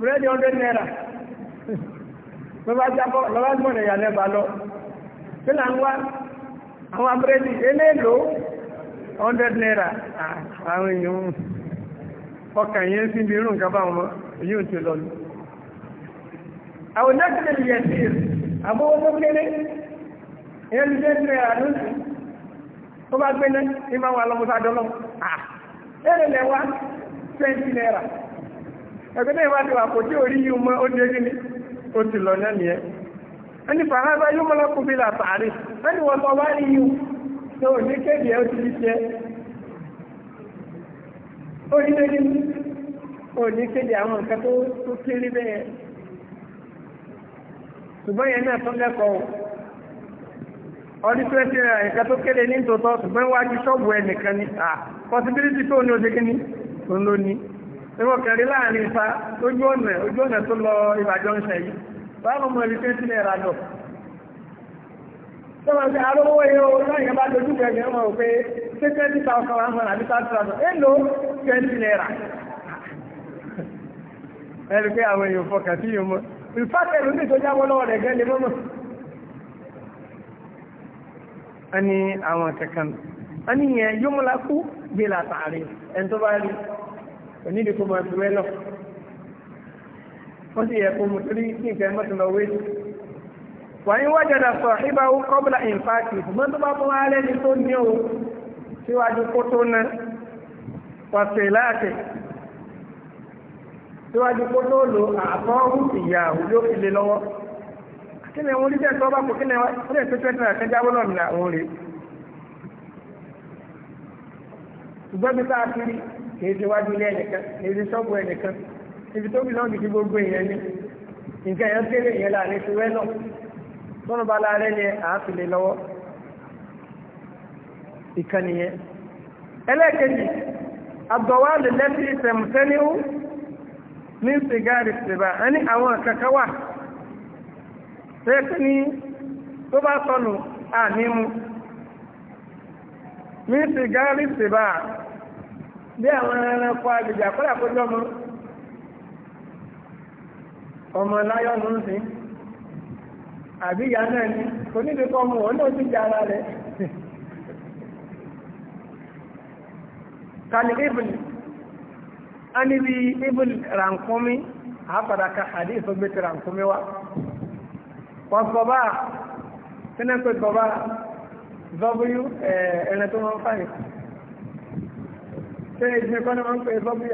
búrẹ́dì ọ̀dẹ́ náírà lọ́wọ́ jábọ̀ lọ́wọ́ gbọ́n ẹ̀yà lẹ́bàá lọ tí là ń wá àwọn búrẹ́dì eléèlò ọ̀dẹ́ náírà àwọn èèyàn ọkàn yẹn sí ibi irú nǹkan báwọn yóò ti lọ lọ. àwọn dákìlẹ̀ lè yẹn sí àbówó tó kéré ìyẹn lè jẹ́ náírà lóṣù tó bá gbé náà ní máa wà lọ́mọ́sá dọ́lọ́mọ́ ẹgbẹ́ náà wá ti wà kò tí ò rí yìí mọ́ ó dé gíní ó ti lọ náà nìyẹn ẹni fàhábà yóò mọ́ lọ́kùn bí làtàrí ẹni wọ́n tọ́ wá rí yìí tó ò ní kéde ẹ ó ti fi tiẹ̀ ó ní dé gíní ó ní kéde àwọn nǹkan tó tó kéré bẹ́ẹ̀ ṣùgbọ́n yẹn náà tó lẹ́kọ̀ọ́ ọdún tó ẹsẹ̀ rẹ̀ nǹkan tó kéré ní tòótọ́ ṣùgbọ́n wájú ṣọ́ọ̀bù ẹ̀ nìkan ni possibility tó ní ó dé gíní òun ló ní ìwọ̀n kẹrin láàrin ìfà ojú ọ̀nà ojú ọ̀nà tó lọ ìbàjọ́ ń ṣe yìí báwọn ọmọ ìlú tẹ́ sílẹ̀ ra lọ tó máa ṣe arówó yóò láyìn bá dojú kẹrin ọmọ òpé ṣé twenty thousand one hundred àbí thirty thousand èlò twenty naira ẹni pé àwọn èèyàn fọkàn sí yìí mọ ìfàkẹ́lù ní ìtọ́jú àwọn ọlọ́wọ́ rẹ̀ gẹ́ lè mọ́mọ́ a ní àwọn kankan a ní onídìí kó máa fi wẹ́lọ̀ wọ́n sì yẹ kó mu torí kí nǹkan mọ́tò lọ wé wàyí wájàdà sọ ìbá ó kọ́bùlà ìfàtì ṣùgbọ́n tó bá fún wa lẹ́ni tó ní o síwájú kó tó ná pàṣẹ láàṣẹ síwájú kó tó lo àfọ́hún ìyá òjò ilé lọ́wọ́ kí ni wọ́n rí bẹ́ẹ̀ tó bá kó kí ni wọ́n rí tó tẹ́tẹ́ náà kẹjá bọ́lọ̀ mi làwọn rèé ṣùgbọ́n bí sáà kiri kìí ṣe wájú ilé ẹnìkan kìí ṣe ṣọ́ọ̀bù ẹnìkan ibi tó bí lọ́ọ̀gì sí gbogbo èèyàn ni nǹkan èèyàn kéré èèyàn láàrin ti wẹ́ náà tọ́nà bá lára ẹni àáfilè lọ́wọ́ ìkànnì yẹn ẹlẹ́ẹ̀kejì àbọ̀wá lè lẹ́sí ìfẹ̀mùsẹ́niwó ní sìgáàrì sìbà ẹni àwọn kankan wà tẹ́ẹ̀kì ní tó bá sọnù ànímú ní sìgáàrì sìbà bí àwọn ẹranko àgbègbè àkọ́lá kó jọmọ ọmọ láyọ̀ ló ń sìn àbí ìyá náà ni kò níbi kan mú òun náà ti jẹ ara rẹ̀ kàní ibùn a níbi ibùn rànkúnmí àpàdàkà àdé ìsọgbẹ́tì wa wọ́n sọ báà sínú pé ṣe ìgbẹ́ kọ́ ní wọ́n ń pè sọ́bí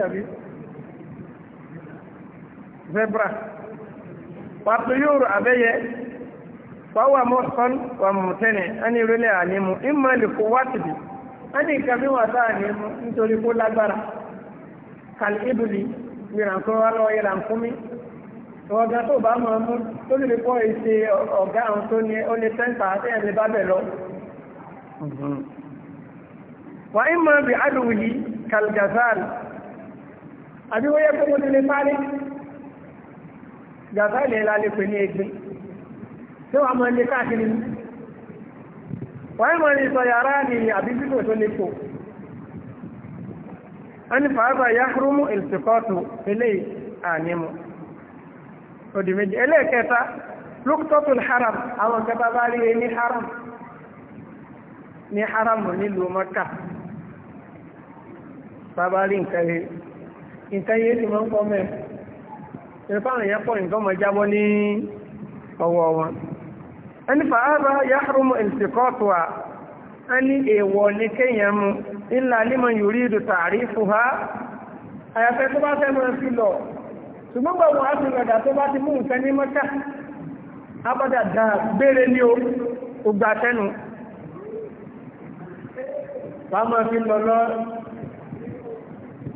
zebra wàtúyúrù abẹ́yẹ wàwà mọ́sán wà mọ̀tẹ́nẹ̀ a ní ìrọ̀lẹ́ ànímú ìmọ̀ lùkú wátìbì a ní ìkàbí wà sáà nímú nítorí kó lágbára kàlí ìbùlì ìrànkọ́ wà lọ ìrànkúmí ọ̀gá tó bá máa mú tó lè kọ́ ìṣe ọ̀gá àwọn lo ma mm-hmm. kalgazal àbí wọ́n yẹ kó mo lè parí gazal yẹn lálẹ́ pé ní egbin tí wọ́n á mọ̀ ní káàkiri ní wọ́n yẹ mọ̀ ní sọ yàrá ni àbí bíbò tó lè kó wọ́n ní fàáfà yahrumu ìsìkọ́tù eléyìí ànímọ̀ òdì méjì ẹlẹ́ẹ̀kẹta luktotul haram àwọn kẹta bá rí ní haram ní haram nílùú mọ́kà bàbá rí nǹkan yẹn nǹkan yẹn ti máa ń pọ̀ mẹ́ ẹ̀ fáwọn èèyàn pọ̀ nǹkan máa jábọ́ ní ọwọ́ wọn ẹni fàábà yáhùrùmù ìsìkọ́tù à ẹni èèwọ̀ ní kéèyàn mu ńlá límọ̀ yorí ìdù tààrí fún ha àyàfẹ́ tó bá fẹ́ máa fi lọ ṣùgbọ́n gbogbo àfihàn tó bá ti mú nǹkan ní mọ́tà abọ́dà dáa béèrè ní o ògbà tẹnu wàá máa fi lọ lọ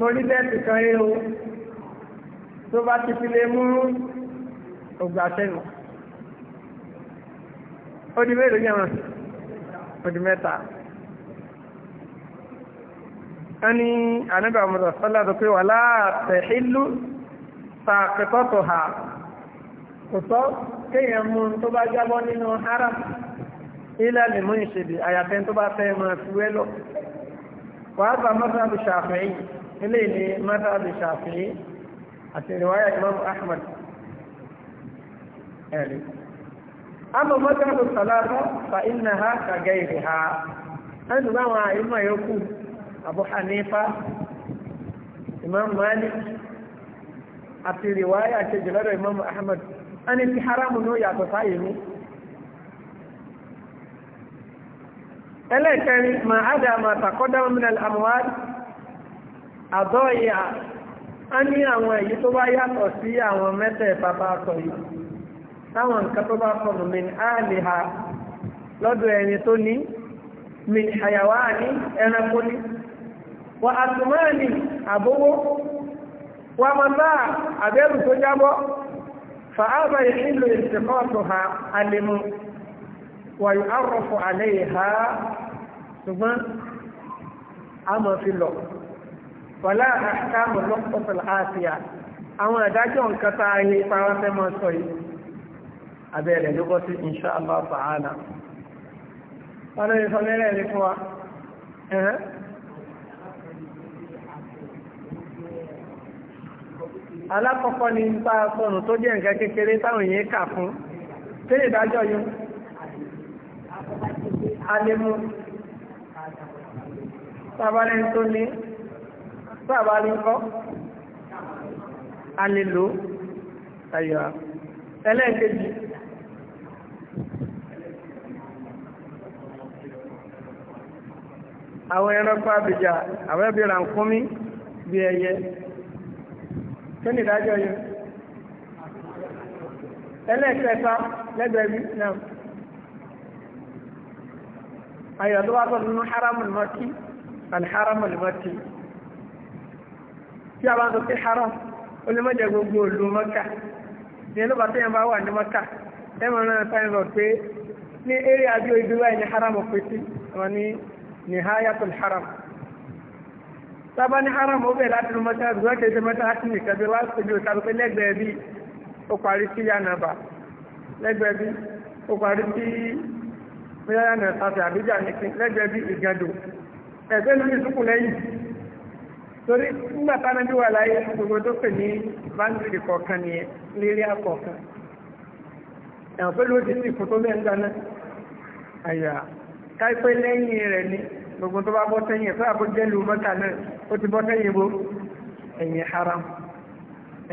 mo rí bẹ́ẹ̀sì kan rí o tó bá ti fi lè mú ògbà sẹ́nu ó di mélòó yẹn wọn ó di mẹ́ta wọ́n ní ànábà mọ̀tò sọ́lá tó pé wà láàtẹ̀ ìlú sàkẹ́kọ̀tọ̀ ha kò tọ́ kéèyàn mú tó bá jábọ́ nínú haram ilẹ̀ lè ìṣèlè àyàfẹ́ tó bá fẹ́ mọ̀ fi wẹ́lọ̀ wàá bá mọ́tò àbùṣà àfẹ́yìn eléyìí ni mọ́tàbí ṣàfihì àti ìrìwáyà imam ahmad ẹ̀rí ama mọ́tàbí sàlámọ́ fa iná ha kàgẹ́ ìrì ha ẹnu báwọn àìmọ̀ yòókù abu hanifa imam malik àti ìrìwáyà kejì lọ́dọ̀ imam ahmad ẹni tí haramu ní ó yàtọ̀ sáyé mi ẹlẹ́kẹrin ma ádà ma tàkọ́dá mọ́mìnà àmúwádìí àbọ̀ ìyá a ní àwọn èyí tó bá yàtọ̀ sí àwọn mẹ́tẹ̀ẹ̀ta bá sọ yìí táwọn nǹkan tó bá sọnù bụ ní àlè ha lọ́dọ̀ ẹni tó ní mi ní Wa ẹranko ní wọ́n àtùmáàní àbówó wọ́n mọ bá àbẹ́rù tó jábọ́ fàábà ìlú ìsìnkọ́ọ̀tù ha alẹ́mu wà yóò arọ̀fọ̀ àlẹ́ yìí ha ṣùgbọ́n a fi lọ. wọlá àkàmù lọ́pọ̀tọ̀lá àfíà àwọn ìdájọ́ nǹkan tá a ipa mọ́ sọ yìí abẹ́rẹ̀ ló sí insha Allah alákọ̀ọ́kọ́ ni bá tó jẹ́ nǹkan kékeré táwọn èèyàn kà fún tí ìdájọ́ alẹ́mú sáàbà rí kọ́ a lè lò ayọ̀ ẹlẹ́ẹ̀kejì àwọn ẹranko àbìjà àwọn ẹbí rànkúnmí bí ẹyẹ kí ni ìdájọ́ yẹn ẹlẹ́ẹ̀kẹta lẹ́gbẹ̀ẹ́ bí náà ayọ̀ tó wá sọ nínú haramu mọ́kí alharamu mọ́kí tí a bá sọ pé haram ó lè mọ́jẹ gbogbo òlu mọ́kà ní ẹlọ́bà tó yẹn bá wà ní mọ́kà ẹmọ̀ náà sáyẹn lọ pé ní eré abíó ìdúró ẹni haram pé sí wọn ní nihayatul haram sábà ní haram ó bẹ̀ láti lu mọ́tà àdúgbò kẹsẹ̀ mọ́tà àti nìkan bí wàá sojú ìtàlù pé lẹ́gbẹ̀ẹ́ bí ó parí sí yànnàbà lẹ́gbẹ̀ẹ́ bí ó parí sí yànnà àti àbíjà nìkan lẹ́gbẹ̀ẹ́ bí ìgàdò ẹ̀fẹ́ lórí ìsúkù lẹ́yìn torí nígbà táwọn bí wà láyé gbogbo tó pè ní báńdìrì kọ̀ọ̀kan nìyẹn lérí àkọ̀ọ̀kan ẹ̀wọ̀n pẹ̀lú ó ti ní ìfòtó bẹ́ẹ̀ dáná àyà káìpẹ́ lẹ́yìn rẹ̀ ni gbogbo tó bá bọ́ sẹ́yìn ẹ̀fẹ́ àbójẹ́lu mọ́ta náà ó ti bọ́ sẹ́yìn bó ẹ̀yìn haram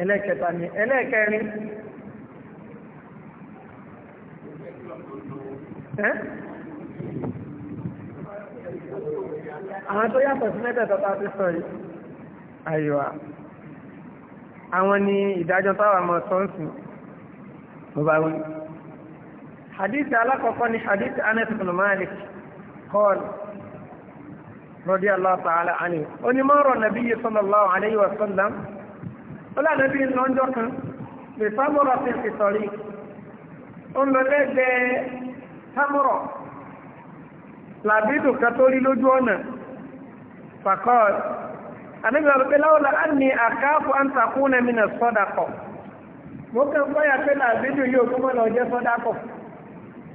ẹlẹ́ẹ̀kẹta ni ẹlẹ́ẹ̀kẹrin àwọn tó yàtọ̀ sí mẹ́tẹ̀ẹ̀ta ti sọ yìí àyíwá àwọn ni ìdájọ́ táwà mọ̀ sọ́ọ̀sì ló bá wí hadith alákọ̀ọ́kọ́ ni hadith Anas bin Malik qala radiyallahu ta'ala anhu onímọ̀rọ̀ nàbí yìí sallallahu alayhi wa sallam ó lá nàbí lọ́jọ́ kan lè sábọ̀rọ̀ àníbi ọ̀rọ̀ pé láwọn láà ní àkáàfù àǹtakùn náà mìíràn sọ́dàkọ̀ mo kàn fọ́yà pé làbídù yóò kó mọ́ lọ jẹ́ sọ́dàkọ̀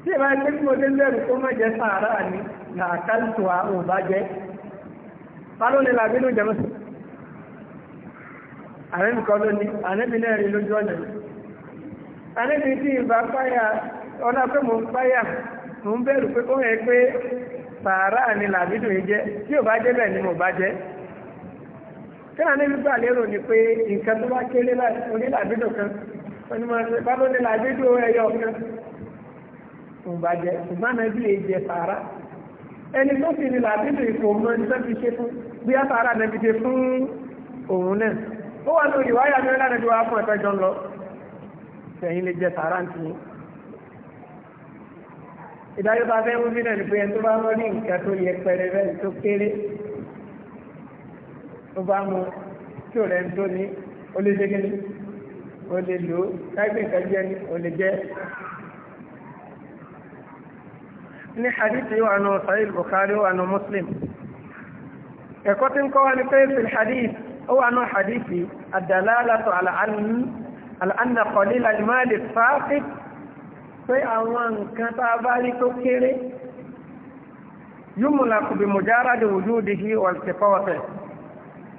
tí ìbá ẹgbẹ́ tí mo dé lẹ́rù kó mọ́ jẹ́ sàárà ní làkàtù àwọn òbá jẹ́ pálọ́ ní làbídù jẹ́mọ́ sí àníbi kan lóní àníbi náà rí lójú ọ̀nà àníbi tí ìbá fáyà ọ̀nà pé mo ń fáyà mo ń bẹ̀rù pé kó yẹ pé sàárà ní làbídù yìí jẹ́ tí ò bá jẹ́ bẹ́ẹ̀ ni mo bá jẹ́ kíra níbi gbà lérò ni pé nǹkan tó bá kéré onílàbídò kan bábọ́ ní làbídò ẹyọ kan fún bàjẹ́ ṣùgbọ́n náà bí èjẹ sàárà ẹni tó sì ní làbídò ìfò mọ ní tó fi ṣe fún bí a sàárà náà fi ṣe fún òun náà ó wà lórí wáyà mi lára ju wàá fún ẹ̀fẹ́jọ́ lọ sẹ́yìn lè jẹ sàárà ń tiyín ìdájọ́ bá fẹ́ mú bí náà ni pé ẹni tó bá lọ ní nǹkan tó yẹ pẹrẹ bẹ́ẹ̀ tó kéré tó bá mu tí ò rẹ̀ ń tó ní ó lè dé kíní ó lè lò ó káyọ̀pẹ̀ nǹkan jẹ́ ní ó lè jẹ́. ní hadithi wà nù sahih bukhari wà nù muslim ẹ̀kọ́ tí ń kọ́ wá ní pé fil hadith ó wà nù hadithi ad-dalalatu ala anna qalila al-mal al-faqid pé àwọn nǹkan tá a bá rí tó kéré yumlaku bi mujarrad wujudihi wal-sifati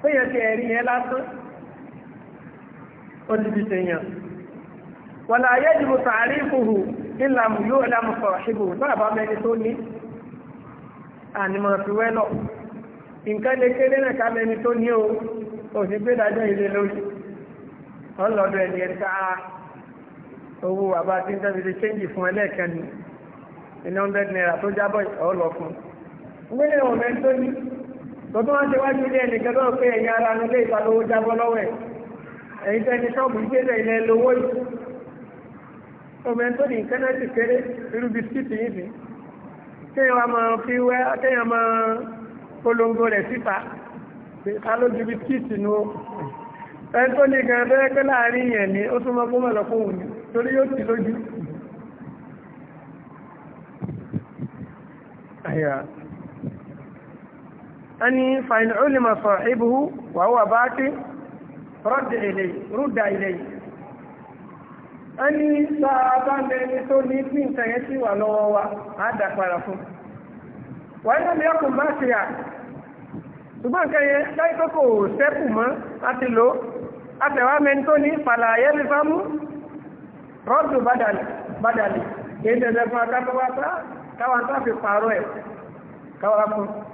péyàn ti ẹ̀rí yẹn lásán ó ti fi ṣèyàn wọn là yẹ jù tààrí ìfòhù ìlàmù yóò lámù sọ̀rọ̀ ṣìbò náà bá mẹni tó ní ànímọ̀ fi wẹ́lọ̀ nǹkan lè kéré náà ká mẹni tó ní o òsì gbé dájọ́ ilé lórí ọlọ́dọ̀ ẹni ẹ̀ka ah, owó àbá tí ń tẹ́bi lè ṣéǹjì fún ẹlẹ́ẹ̀kan ni iná ń bẹ́ẹ̀ náírà tó jábọ̀ ọ̀ọ́lọ́ fún un. gbé tọ́tún wọ́n ti wájú ilé ẹnìkan lọ́wọ́ pé ẹ̀yin ara nílé ìpalówó jábọ́ lọ́wọ́ ẹ̀ ẹ̀yin tẹ́ni ṣọ́ọ̀bù ìgbélé ilẹ̀ lówó yìí ọmọ tó ní nǹkan náà ti kéré irú bisikíìtì yìí sí kéèyàn wa máa fi wẹ́ kéèyàn máa polongo rẹ̀ síta ta ló ju bisikíìtì nu o ẹni tó ní gan bẹ́ẹ̀ pé láàrin yẹn ni ó tún máa kó mọ̀lọ́ fóun ni torí yóò ti lójú. أني فإن علم صاحبه وهو باكي رد إليه رد إليه أني سأبان تولي من سيتي ولو هذا فرفو وإن لم يكن باكيا ṣùgbọ́n nǹkan yẹn láìpẹ́ kò sẹ́kù mọ́ láti lò àtẹ̀wá mẹ́ni tó ní fàlàyé lè fá mú rọ́dù bádàlì èyí tẹ̀lé fún akápẹ́wá káwọn tó fi pààrọ̀ ẹ̀ káwọn fún un.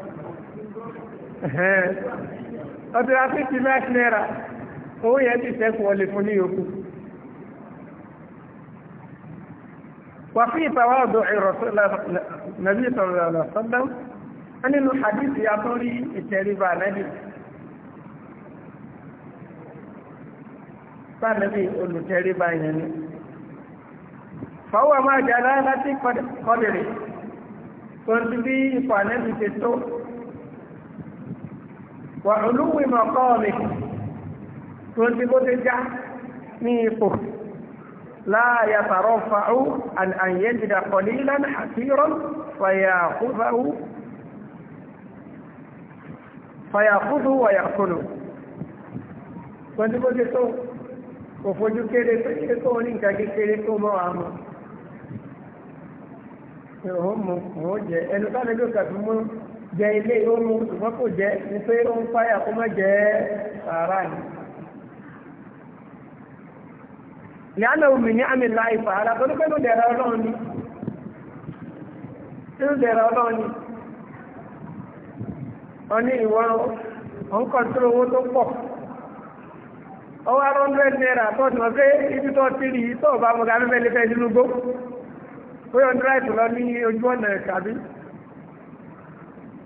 ọtí ra fífi mẹ́t náírà owó yẹn ti sẹ́kù wọlé fún ní yòókù. wà fí ìtawà ọ̀dọ̀ ẹ̀rọ nàbí sọ̀rọ̀ ọ̀nà sọ́dọ̀ wọn nínú hadithi atọ́rí ìtẹ̀ríba nàbí. bá nàbí olùtẹ̀ríba yẹn ni fọwọ́ máa jẹ́ aláìláti kọ́dìrì tó ń ti ipò ànẹ́bí ti tó wà olúwìn mọ̀kọ́ mi tó ti bó ti já ní ipò láàyà tààrọ̀ fa'ú àyẹ́ jìdà pọ̀lí ìlànà àtírọ̀ fàyàkúfù wàyàkúlù tó ti bó ti tó kò fojú tó ṣe tó ní nǹkan kékeré tó mọ́ àmọ́ ìròhùn mú jẹ ẹnu tánàbí ò mú jẹ ilé ìhóhùn ṣùgbọ́n kò jẹ ní pé ó ń fáyà kó má jẹ sàárà ni. ìyáná omi ní àmì láì fàárà tó ní pé ló dẹ̀ra ọlọ́run ni ló dẹ̀ra ọlọ́run ni wọ́n ní ìwọ́n òun kọ̀ǹtúrò owó tó pọ̀ ọwọ́ arọ́ ń bẹ́ẹ̀ náírà tó ti mọ̀ pé ibi tó ti rí tó bá mọ̀ ká fẹ́fẹ́ gbó bóyá ń dráìtì lọ ní ojú ọ̀nà tàbí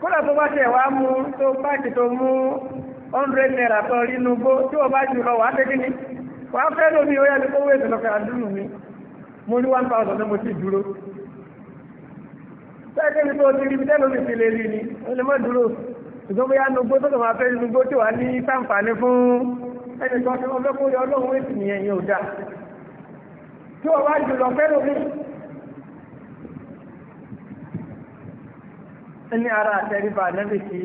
kódà tó bá tẹ̀ wá mú tó báàkì tó mú hundred naira tó rí inú gbó tí wọ́n bá jù lọ wàá tẹ́kí ni wàá fẹ́ lómi ó yẹ kó wéèdè lọ́kẹ́ àdúrú mi mo ní one thousand ní mo ti dúró sẹ́kẹ́ mi tó ti rí mi tẹ́lẹ̀ omi ti lè rí ni ó lè mọ́ dúró ṣùgbọ́n bóyá inú gbó tó tó máa fẹ́ inú gbó tí wàá ní sàǹfààní fún ẹnì kan tí wọ́n fẹ́ kó yọ ọlọ́run wéèdì nìyẹn yóò dáa tí wọ́n bá jù lọ fẹ́ lómi ní ara àtẹ́ríbà nẹ́bí tí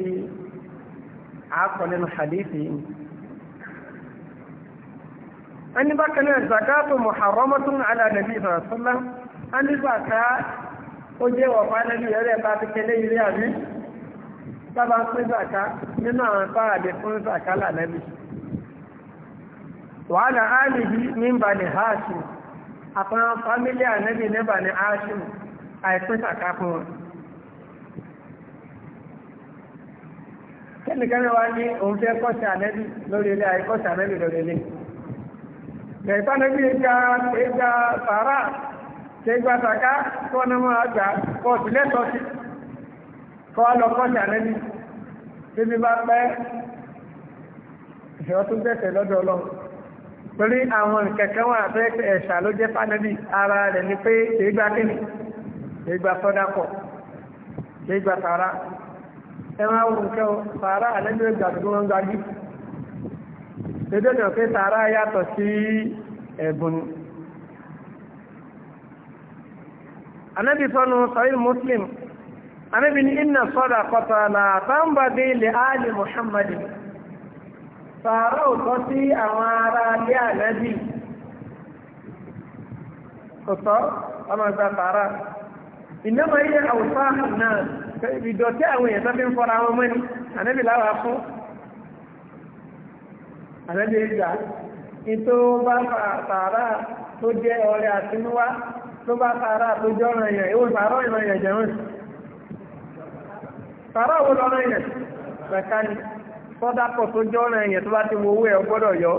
a kọ̀ nínú hadithi ẹni bákan náà zakatu muharramatun ala nabi sallam ẹni zaka ó jẹ́ wọ̀fà nẹ́bí rẹ̀ bá ti kẹlé ilé àbí bábá ń pín zaka nínú àwọn fáàdé fún zaka lànẹ́bí wàhálà áàlìbí ní bani hashim àpọn fámílì ànẹ́bí ní bani hashim àìpín zaka fún wọn kẹ́nìkan wá ní òun fẹ́ kọ́sì ànẹ́bì lórí ilé àyè kọ́sì ànẹ́bì lórí ilé bẹ̀ẹ̀ta níbi ìgbà ìgbà sàárà ṣe ìgbà sàká tó ní mọ́ àgbà kọ́ọ̀tù lẹ́tọ̀ọ̀sì kọ́ lọ kọ́sì ànẹ́bì bíbí bá pẹ́ ìṣòro tó gbẹ̀sẹ̀ lọ́dọ̀ ọlọ́run torí àwọn kẹ̀kẹ́ wọn àfẹ́ ẹ̀ṣà ló jẹ́ fánẹ́bì ara rẹ̀ ni pé ìgbà kíni ìgbà sọ́dákọ̀ ìgbà sàárà ẹran ohun kẹ́ sàárà àlẹ́gbẹ̀ẹ́ ìgbà tó wọ́n gbajú dédé náà pé sàárà yàtọ̀ sí ẹ̀bùn anábì sọ́nu sọ́yìn muslim anábì ní iná sọ́dà kọta làtàǹbà dé ilẹ̀ áàlì muhammadin sàárà òtọ́ sí àwọn ará alẹ́ ànábì kò sọ́ ọmọ ìgbà sàárà ìnáwó ilẹ̀ àwùsá náà ìdọ̀tí àwọn èèyàn tó ń fọ́ra wọn mẹ́nu ànẹ́bì láwà fún ànẹ́bì ìgbà ìtò bá tààrà tó jẹ́ ọrẹ àtinúwá tó bá tààrà tó jẹ́ ọ̀rọ̀ èèyàn ìwò tààrà ìrọ̀ èèyàn jẹun tààrà wo lọ́rọ̀ èèyàn pẹ̀ka ni fọ́dápọ̀ tó jẹ́ ọ̀rọ̀ èèyàn tó bá ti wo owó ẹ̀ gbọ́dọ̀ yọ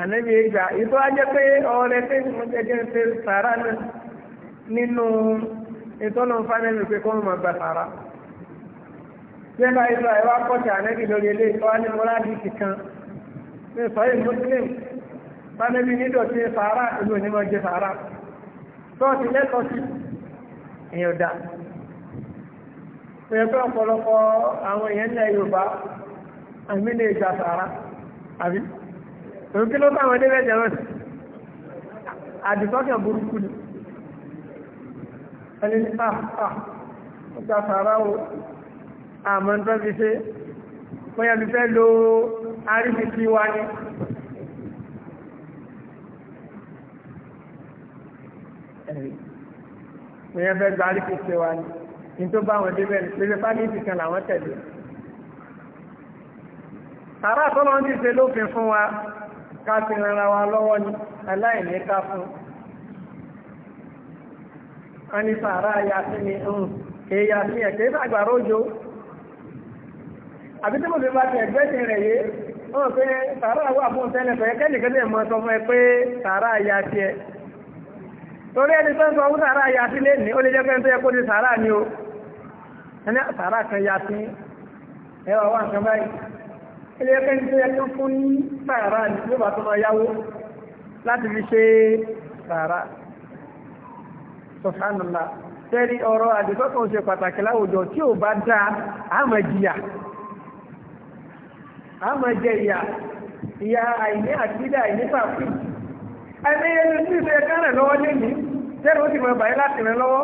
ànẹ́bì ìgbà ìtò ajẹ́ pé ọrẹ pé mo jẹ́ jẹ́ ń ṣe náà nínú ìtọ́nà ń fáná mi pé kó mọ̀ gbà sára. Nígbà ìlú àìwá kọ́ṣà ànẹ́bì lórí ilé ìtọ́ ní Mọ́ládì ti kan. Ṣé sọ yìí Mùsùlùm? Fánẹ́bí nídọ̀tí sàárà ìlú onímọ̀ jẹ sàárà. Tọ́ọ̀tì lẹ́tọ̀ọ́ sí èèyàn dá. Ṣé pé ọ̀pọ̀lọpọ̀ àwọn èèyàn ní Yorùbá àmì lè gbà sàárà? Àbí? Òun kí ló bá àwọn débẹ̀ jẹ́ wọn? Àdìsọ́kẹ̀ burúkú ni ẹni ní àà ó gba sàárà o àmọ́ ń tọ́jú ṣe bóyá mi fẹ́ lo arífìsí wa ni. bóyá fẹ́ gba arífìsí wa ni nítorí bá wọn débẹ̀ ní pèsè fáníìsì kan làwọn tẹ̀lé. sàárà tó lọ́n ti ṣe lófin fún wa ká fi ràn wa lọ́wọ́ ni aláìní ká fún un wọ́n ní sàárà yasin ni èyí yasin ẹ̀ kéé sàgbàrá òjò àbí tí mo fi bá ti ẹ̀gbẹ́ ti rẹ̀ yé wọ́n pé sàárà wà fún tẹ́lẹ̀ pé kẹ́nìkan lè mọ sọ fún ẹ pé sàárà yasin ẹ̀ torí ẹni tó ń sọ fún sàárà yasin lé ní ó lè jẹ́ pé ń tó yẹ kó di sàárà ni o ẹni ah, sàárà kan yasin ẹ wà wà nǹkan báyìí ilé ẹgbẹ́ ní tó yẹ kó fún ní sàárà ni yóò bá tó máa yáwó láti fi ṣe sàárà subhanallah tẹ́rí ọ̀rọ̀ àdìsọ́kàn ṣe pàtàkì láwùjọ tí ò bá dáa àmọ̀ jìyà àmọ̀ jẹ ìyà ìyà àìní àtìdá àìní pàpì àìmẹ́yẹ ní sí ìfẹ́ kárẹ̀ lọ́wọ́ lẹ́yìn tẹ́rù ó ti mọ̀ báyìí láti rẹ̀ lọ́wọ́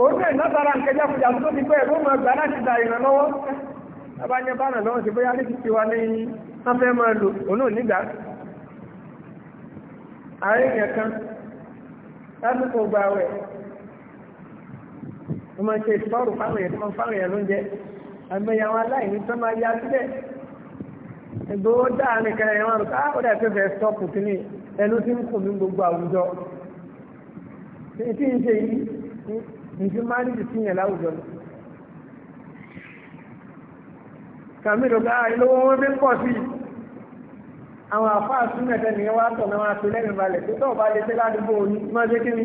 òun náà látara nkẹjá fújà tó ti pẹ́ ẹ̀rọ mọ̀ gbà láti da ìrìn lọ́wọ́ bàbá yẹn bá rẹ̀ lọ́wọ́ sí bóyá ní ti wa ní wọ́n fẹ́ máa òun náà nígbà àárín yẹn kan lásìkò gba àwẹ̀ wọ́n máa ṣe ìtọ́rù fáwọn èèyàn tó fáwọn èèyàn aláìní tó máa ya ká ah, ó dàbí kínní ẹnu tí ń kù gbogbo àwùjọ tí ń ṣe yìí nfi máa ní ìsìn yẹn láwùjọ ni. kàmí ah, wọn fi ń pọ̀ sí i. àwọn àfáà súnmọ̀ ẹ̀tẹ́ nìyẹn wá tọ̀ náà wá tó lẹ́yìn balẹ̀ tó tọ̀ bá lè tẹ́ ládùúgbò òní máa jẹ́ kíni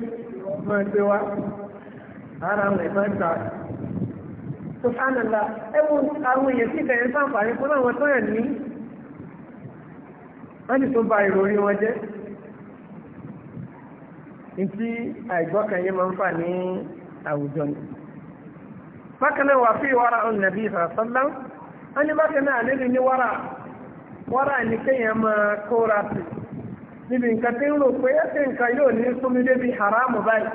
máa gbé wá ara rẹ̀ máa gbà tó sánàlá ẹ̀wù àwọn èèyàn sì bẹ̀rẹ̀ sáǹfààní fún àwọn tó yàn ní wọ́n sì tún ba ìròyìn wọn jẹ́ ntí àìgbọ́kànyé máa ń fà ní àwùjọ ni bákan náà wà fí wàrà ọ̀nà bíi ìfàsọ́lá wọ́n ní bákan náà àlejò ní wàrà wọ́rà ní kéèyàn máa kóra sí níbi nǹkan tí ń rò pé ẹsẹ̀ nǹkan yóò ní súnmi débi haramu báyìí.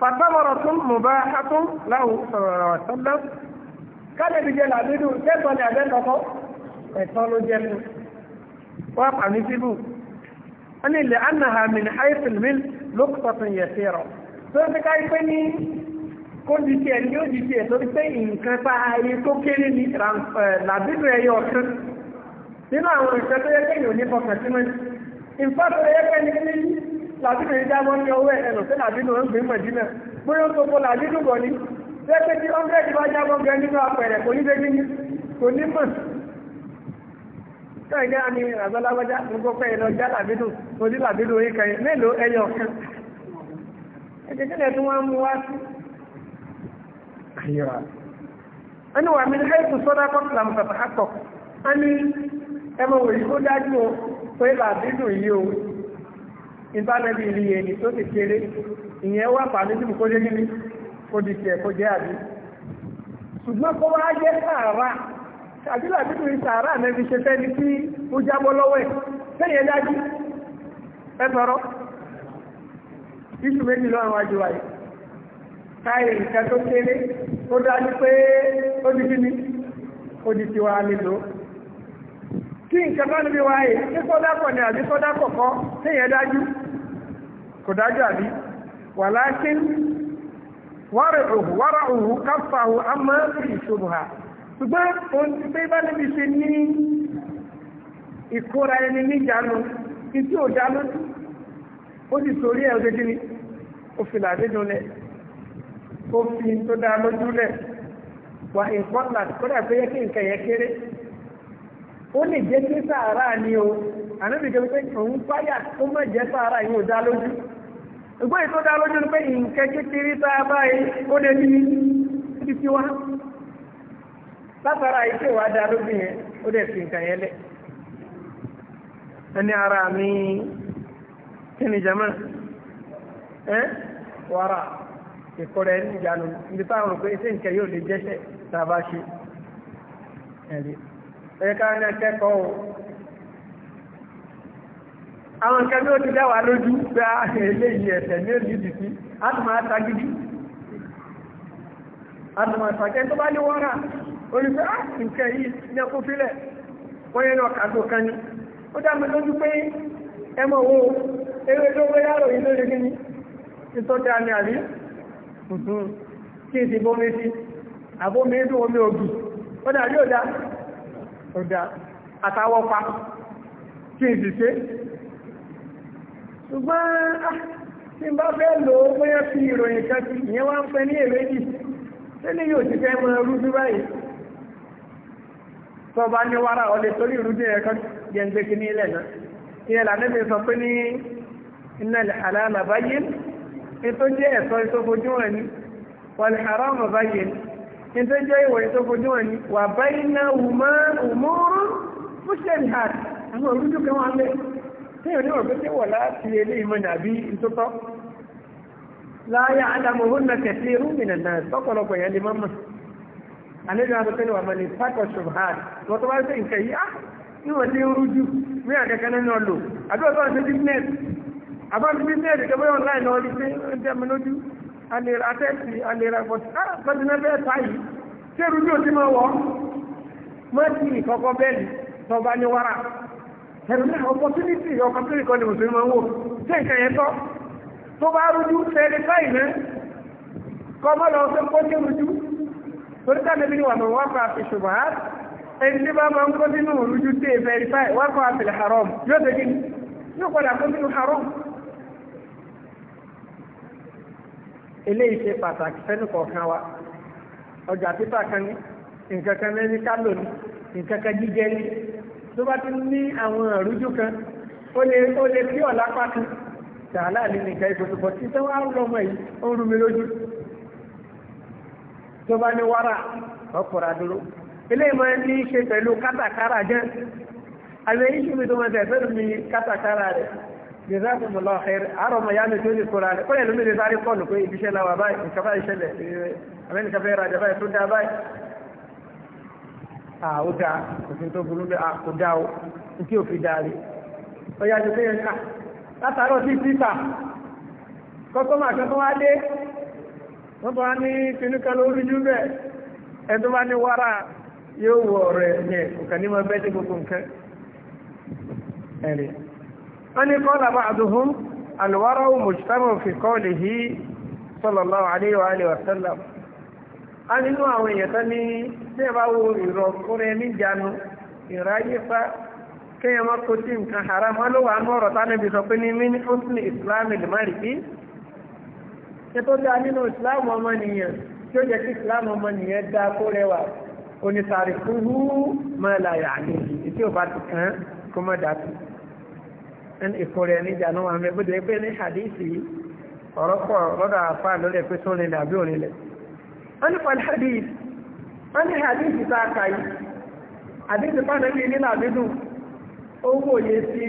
fàtàmọ̀rọ̀ tún mú bá a tún láwùú sọ̀rọ̀ ọ̀sán kálẹ̀ ìdíje làbídù tẹ́tọ́ ni àbẹ́tọ́kọ́ ẹ̀tọ́ ló jẹ́ fún wọ́n pàmí síbù wọ́n ní ilẹ̀ annaha min haifil mil lókùtọ̀tún yẹ̀ fẹ́rọ̀ tó ń fi ká ipé ní kó di tiẹ̀ ní ó di tiẹ̀ torí pé nǹkan tá a rí tó kéré ní eh, làbíbù ẹyọ ọ̀kan nínú àwọn nǹkan tó yẹ kéèyàn ní fọkàn sí mọ́ni nǹkan tó yẹ kẹ́ni ní làbíbù ẹni dábọ́ ní ọwọ́ ẹ̀rọ pé làbíbù ń gbé mọ̀dínà bóyá tó kó làbíbù bọ̀ ni bẹ́ẹ̀ pé tí ọ́nbẹ́ẹ̀dì bá jábọ́ gan nínú apẹ̀rẹ̀ kò ní bẹ́ẹ̀ ní kò ní mọ̀ kẹ́ẹ̀gẹ́ àmì àgbàlagbàjá gbogbo pẹ̀lú خيرا أنا ومن حيث صدقت لم تتحقق أني ẹmọ wòye ó dájú o pé làbídùn yìí o ìbánẹ́bí rí ẹni tó ti kéré ìyẹn wà pàdé tí mo kó dé níbi kó di tiẹ̀ kó jẹ́ àbí ṣùgbọ́n kó wá jẹ́ sàárà àbí làbídùn yìí sàárà nẹ́bi ṣe fẹ́ni tí ó jábọ́ lọ́wọ́ ẹ̀ sẹ́yìn ẹ dájú ẹ tọrọ iṣu méjì lọ́rùn wájú wáyé. káyè nǹkan tó kéré ó dájú pé ó di kí ni ó di nílò kí nǹkan bá níbi wáyé ní kódápọ̀ ni àbí kódápọ̀ kọ́ téèyàn dájú kò dájú àbí wàlákin wárùhù wárùhù káfàhù àmọ́ ìṣòro ha ṣùgbọ́n pé bá níbi ṣe ní ìkóra ẹni níjànú ó ẹ̀ kó fi tó dá lójú lẹ̀ wà ìfọ́nà kódà pé yẹ kí nǹkan yẹn kéré ó lè jẹ́ pé sàárà ni o ànábì jẹ́ pé òun páyà tó mọ̀ jẹ́ sàárà yìí ò dá lójú ìgbọ́n ìtó dá lójú ni pé nǹkan kékeré tá a báyìí ó lè ní ibi tí wá látara ìṣe wa dá lójú yẹn ó dẹ̀ fi nǹkan yẹn lẹ̀ ẹni ara mi kí ni jama ẹ wàrà ìkọrẹ ẹni ìjánu ibi táwọn rò pé ṣé nǹkan yóò lè jẹ́ṣẹ̀ tá a bá ṣe ẹ̀rí ẹ̀ka ní akẹ́kọ̀ọ́ o àwọn nǹkan ní ó ti dáwà lójú pé eléyìí ẹ̀sẹ̀ ní òjì ti sí átùmọ̀ àtàgídí àtùmọ̀ àtàgẹ́ tó bá ní wọ́n rà olùfẹ́ ah, nǹkan yìí ní ẹkùn fílẹ̀ wọ́n yẹn lọ kàgbò kan ní ó dá mi lójú pé ẹmọ owó eré tó wé yàrá àrí kí n ti bómi sí àbómi inú omi ògì ó dà yóò dá ó dá àtàwọ̀ pa kí n sì ṣe ṣùgbọ́n ah, tí n bá fẹ́ lò ó bóyá fi ìròyìn kan sí ìyẹn wá ń pẹ ní èrè yìí tẹ́lẹ̀ yóò ti fẹ́ mọ ẹrú bí báyìí tó bá ní wàrà ọ̀lẹ̀ torí ìrúdí ẹ̀kọ́ jẹ́ ń gbé kí ní ilẹ̀ náà ìyẹn lànà mi sọ pé ní iná àlàlà ètò jẹ́ ẹ̀tọ́ ìtòfojúwọ̀n ni wal haram bayyin ètò jẹ́ ìwọ̀ ìtòfojúwọ̀n ni wà baynahuma umurun mushtabihat àwọn orújú kan wà lẹ́ tí ò ní ọ̀gbẹ́ tí wọ̀ láti ilé ìmọ̀ nàbí ìtótọ́ láyà alamuhunna kathirun minan nas tọ́pọ̀lọpọ̀ yẹn lè mọ́ mọ́ àlejò àbẹ̀tẹ́lẹ̀ wà mọ́ ní pákọ̀ ṣùgbọ́n wọ́n tó bá ń sẹ́yìn kẹ́yìn á níwọ̀n tí àbájú bí mẹ́rin kẹfẹ́ yọ̀ láì lọ́ọ́ rí pé ń jẹ́ mi lójú atẹ́sì alera bọ̀tí ah, á bẹ́ẹ̀ ti mẹ́fẹ́ ta yìí ṣé irú bí o ti máa wọ̀ mọ́tì ìkọ̀kọ̀ bẹ́ẹ̀lì tọba ní wàrà ẹ̀rù náà opportunity ọkọ̀ tó ìkọ́ ni mùsùlùmí máa ń wò ṣé nǹkan yẹn tọ́ tó bá rújú fẹ́ẹ́rẹ́ táì náà kọ́ mọ́ lọ fẹ́ kó ṣe rújú torí tábìlì bí ni wà lọ́wọ́ pa ìṣòwò á ẹni tí bá máa ń kó sínú rújú tẹ́ fẹ́ẹ́rẹ́ táì wá kọ́ àfẹ́lẹ̀ haram yóò eléyìí ṣe pàtàkì fẹ́nu kọ̀ọ̀kan wa ọjà pípa kan ní nǹkan kan lẹ́ni kálò ní nǹkan kan jíjẹ ní tó bá ti ní àwọn àrújú kan ó lè ó lè fi ọ̀la pàtó tààlà ní nìkan ìfòsòfò tí tó wá ń lọ ọmọ yìí ó ń rú mi lójú tó bá ní wàrà ọkùnrin àdúró eléyìí máa ní í ṣe pẹ̀lú kátàkárà jẹ́ àlẹ́ yìí ṣùgbọ́n tó máa tẹ̀ fẹ́ràn mi kátàkárà rẹ̀ jẹ́sàkùn mọ̀lá ẹ̀rẹ́ àárọ̀ mọ̀ yáni tó lè kóra rẹ̀ kọ́lẹ̀ lómi lè sáré kọ́ọ̀nù pé ibiṣẹ́ la wà báyìí nǹkan báyìí ṣẹlẹ̀ amẹ́nìkan fẹ́ rajà báyìí tó dá báyìí. à ó da òfin tó burú bẹ́ẹ̀ kò dá o nkí òfin dá rí ó yá ju pé yẹn ká látàárọ̀ sí pípa kọ́kọ́ máa kẹ́kọ́ wá dé wọ́n bá ní tinúkan lórí jú bẹ́ẹ̀ ẹ tó bá ní wàrà yóò wọ̀ rẹ̀ yẹn kò kàn ní mọ bẹ́ẹ̀ wọ́n ní kọ́lá bá àdúhùn alwárọ̀ mùsùlùmí fi kọ́lì yí sallallahu alaihi wa alihi wa sallam a nínú àwọn èèyàn tán ní tí ẹ bá wo ìrọ̀kúnrin níjànú ìráyípa kéèyàn má kó sí nǹkan haram wọn ló wà ní ọ̀rọ̀ tánàbí sọ pé ní mini husni islam ilmariki tó ẹni ẹni ìjà náà àmì ebe pé ní hadithi ọ̀rọ̀ lọ́dọ̀ àfà lórí ẹ̀pẹ́ tó rìnlẹ̀ àbí òrìnlẹ̀ wọ́n ní pàdé hadith wọ́n ní a kà yìí hadith pàdé bíi nílà dídùn ó wòye sí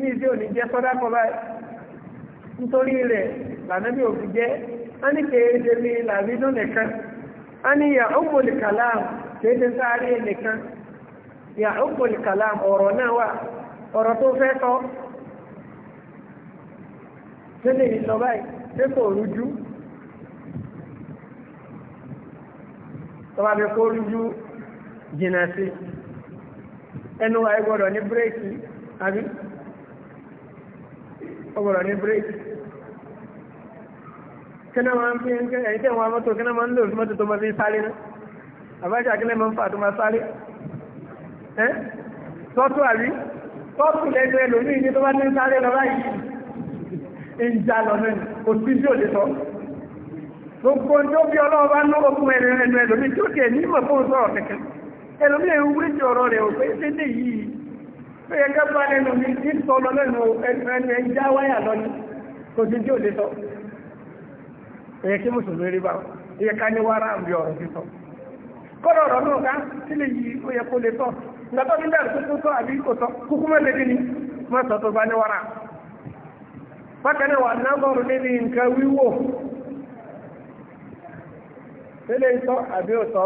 ní ìdí òní jẹ́ sọ́dá báyìí nítorí rẹ̀ òfin jẹ́ wọ́n ní làbídùn nìkan wọ́n ní ó mọ̀lì sáré nìkan ó mọ̀lì ọ̀rọ̀ náà wà ọ̀rọ̀ tó fẹ́ sọ tẹ́lẹ̀ ìsọ báyìí pé kò rújú tọ́ba bẹ kó rújú jìnnà sí ẹnu wa ẹ gbọ́dọ̀ ní bírèkì àbí ó gbọ́dọ̀ ní bírèkì kíná máa ń fi ń kẹ́ ẹ̀yìn tẹ́wọ̀n mọ́tò kíná máa ń lò mọ́tò tó máa fi sáré náà àbájá kíná máa ń fà tó máa sáré ẹ́ tọ́tù àbí kọ́ọ̀tù lẹ́gbẹ́ lórí ní tó bá ní sáré lọ báyìí ìjà lọ́nà kò sí bí òde sọ gbogbo tó bí ọlọ́wọ́ bá ní okun ẹ̀rọ ẹnu ẹlòmí tó kẹ̀ ní mọ̀ fún sọ̀rọ̀ kẹ̀kẹ́ ẹlòmí ẹ̀ ń wíjì ọ̀rọ̀ rẹ̀ ò pé dédé yìí tó yẹ ká bá lẹ́nu mi ní sọ lọ lẹ́nu ẹnu ẹ̀ ń já wáyà lọ́nà kò sí bí òde sọ ẹ̀yẹ kí mùsùlùmí rí bá ẹ̀yẹ ká ní wàrà àbí ọ̀rọ̀ sísọ kọ́dọ̀ ọ̀rọ̀ náà ká sílẹ̀ yìí ó nga tok ndar ko ko ko abi ko tok ku ma to to bani wara fa kana wa na go ro ni in ka wi wo ele to to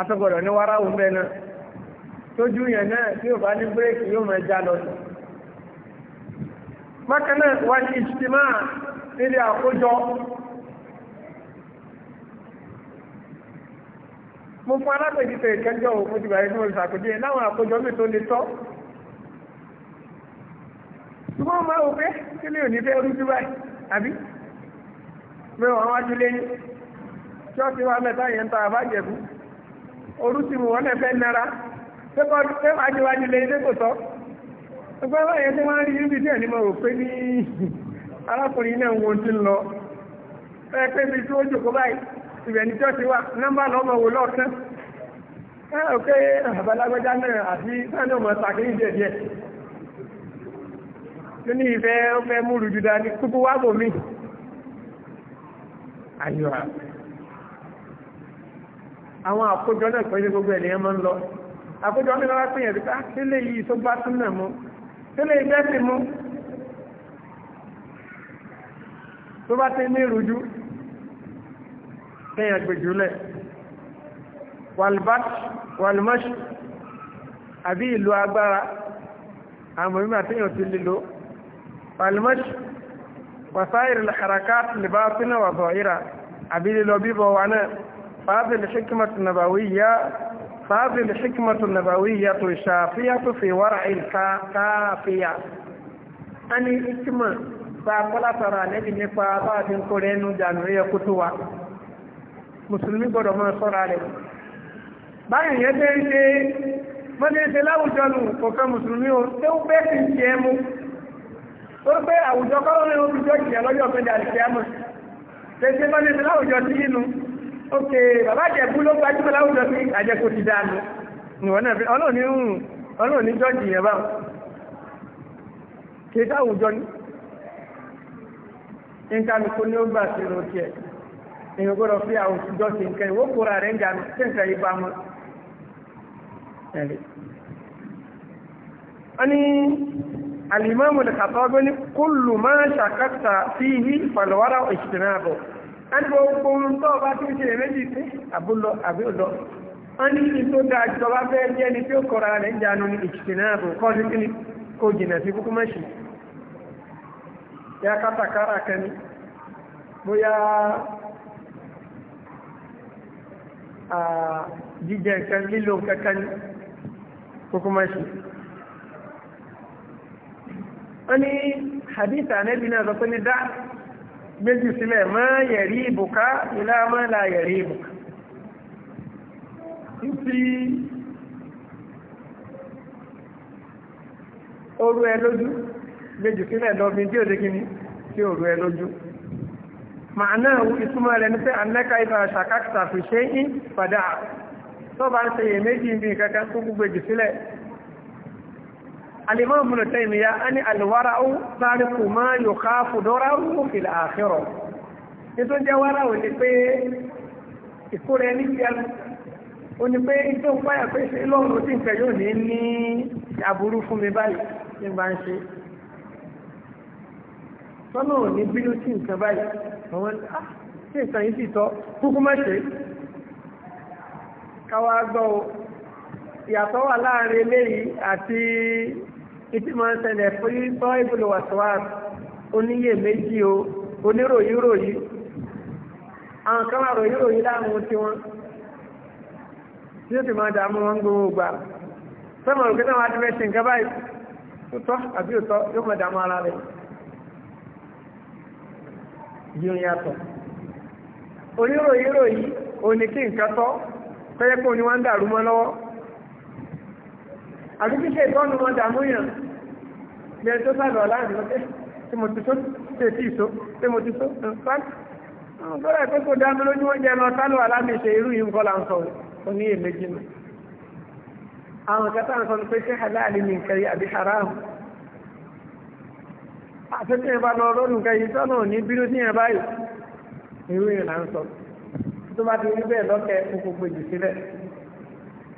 ato wara u be na to ju ya na ti o bani break yo ma ja lo ma kana wa a ili akojo mo fún alápèjìtẹ̀ ìkẹjọ́ òun fún ìgbà yìí mo ṣàpèjì láwọn àkójọ mi tó le tọ́ ṣùgbọ́n máa wò pé kí ni òní fẹ́ rújú báyìí àbí mẹ́wàá wájú lẹ́yìn ṣọ́ọ̀tì wa mẹ́ta yẹn ń ta àbájẹ̀bú orúsì mú wọn lẹ́fẹ́ nara pé wájú wájú lẹ́yìn pé kò tọ́ ọgbọ́n báyẹn tó máa ń rí níbi díẹ̀ ni mo rò pé ní <laughs> arákùnrin náà ń wo ti ń lọ ẹ pé ibi tí ó jòkó báyìí ibẹ̀ ní chọ́ọ̀tì wà nọ́mbà lọ́mọ wò lọ́ọ̀kan ẹ ò pé àbálágbájá náà àti sáni ọmọ sàkéyìn díẹ̀ díẹ̀ tó ní ìfẹ́ ó fẹ́ múlù jù dání kúkú wá bò mí àyọ̀ àwọn àkójọ náà pẹ̀lú gbogbo ènìyàn máa ń lọ àkójọ mi lọ́wọ́ pé yẹ̀dùká sílẹ̀ yìí tó bá tún náà mú sílẹ̀ yìí bẹ́ẹ̀ tó bá ti ní ìrújú kéèyàn gbèjúlẹ̀ walbat walmash àbí ìlú agbára àmọ́ mímọ̀ àtẹ́yàn ti lílo walmash wasair alharakat libatina wa zahira àbí lílo bíbọ̀ wa náà fàáfi alhikmat nabawiyya fàáfi alhikmat nabawiyya tó ṣàfíyà tó fi wára ìkáfíyà a ní ikima bá kọ́lá sọ̀rọ̀ àlẹ́bì nípa bá a ti ń kórè ẹnu jàǹdùrí ẹkú tó wa mùsùlùmí gbọ́dọ̀ máa sọ́ra rẹ̀ báyìí yẹn tẹ́ ń ṣe mọ́lẹ́ṣẹ́ láwùjọ nù kọ̀ọ̀kan mùsùlùmí o tó ń bẹ́ sí ti ẹ mú ó pé àwùjọ kọ́rọ́ ní omi jọ jìyà lọ́jọ́ pé dàrí ṣe àmọ́ tẹ́sí mọ́lẹ́ṣẹ́ láwùjọ sí inú ókè bàbá jẹ̀bú ló gbajúmọ̀ láwùjọ sí àjẹkù ti dànù ìwọ̀n náà ọlọ́ọ̀ni ń ọlọ́ọ̀ni jọ jìyà báwọn kí táwùjọ ní nǹkan kò ní ó gbà sí ìròkè ẹ̀ èèyàn gbọ́dọ̀ fi àwọn òṣìjọ́ sí nǹkan ìwó kóra rẹ̀ ń jánu tí nǹkan yìí bá mọ́ ẹ̀rí. wọ́n ní alimami lẹ́kàtọ́ gbé ní kúlù máa ṣàkàtà sí ihi ìfàlọ́wárà ìṣìnàbọ̀ wọ́n ní gbogbo ohun tó bá ti ń ṣe méjì sí àbúlọ àbí ọ̀dọ́ wọ́n ní kí tó dáa jọ fẹ́ jẹ́ ni tí ó kóra rẹ̀ ń jánu ní ìṣìnàbọ̀ kọ́ bóyá jíjẹ nǹkan lílo kankan ní kókó má ṣe wọ́n ní hadith anabi náà sọ pé ní dá méjì sílẹ̀ má yẹ̀rí ìbùká ilá má la yẹ̀rí ìbùká títí orú ẹ lójú méjì sílẹ̀ lọ́bí tí ò dé kíní tí orú ẹ lójú màánà ìtumọ̀ rẹ̀ ní pé anẹ́ka ibà ṣàkàkìtà fi ṣe ń padà tó bá ń ṣe yè méjì bí kankan tó gbogbo jù sílẹ̀ alimọ́ múlò tẹ́mi ya a ní alwara ó sáré kù mọ́ yóò ká fòdọ́rà ó fi là àfihàn nítorí ó jẹ́ wàrà ní pé ìkórè ní ti àlù ní pé tó ń pé ṣe lọ́rùn ó ń fẹ́ yóò ní ní aburú fún mi báyìí ní bá ń ṣe sọ́nà ò ní bínú sí nǹkan báyìí àwọn ah, ṣé ìtàn yìí sì tọ́ kúkú má ṣe káwa gbọ́ o ìyàtọ̀ wà láàrin eléyìí àti ìtì máa ń ṣẹlẹ̀ fún tọ́ ìbùdó wàsíwàs oníyè méjì o oníròyìn ròyìn àwọn kan wà ròyìn ròyìn láàmú tiwọn tí ó ti máa dààmú wọn gbogbo gbà sọ́mọ̀ òkè náà wá ti fẹ́ ṣe nǹkan báyìí tó tọ́ àbí òtọ́ yóò máa dààmú ara rẹ̀ yóò yàtọ̀ oníròyìnrò yìí òní kí nǹkan tọ́ pẹ́yẹ́ pé òní wá ń dàrú mọ́ lọ́wọ́ àbí kíkẹ́ ìtọ́nu wọn dààmú yàn bí ẹni tó sàdọ̀ láàrin lọ́tẹ́ tí mo ti tó tètè ìṣó tí mo ti tó nǹkan sọ́dọ̀ pé kò dámi lójú wọn jẹ́ lọ sálọ alámi ṣe àwọn kẹta àti tí ẹ̀bá lọ lọ́dún kẹyìn tọ́nà ní bínú tí ẹ̀ báyìí ìwé ìlà ń sọ tó bá ti rí bẹ́ẹ̀ lọ́kẹ́ kókó gbèjì sílẹ̀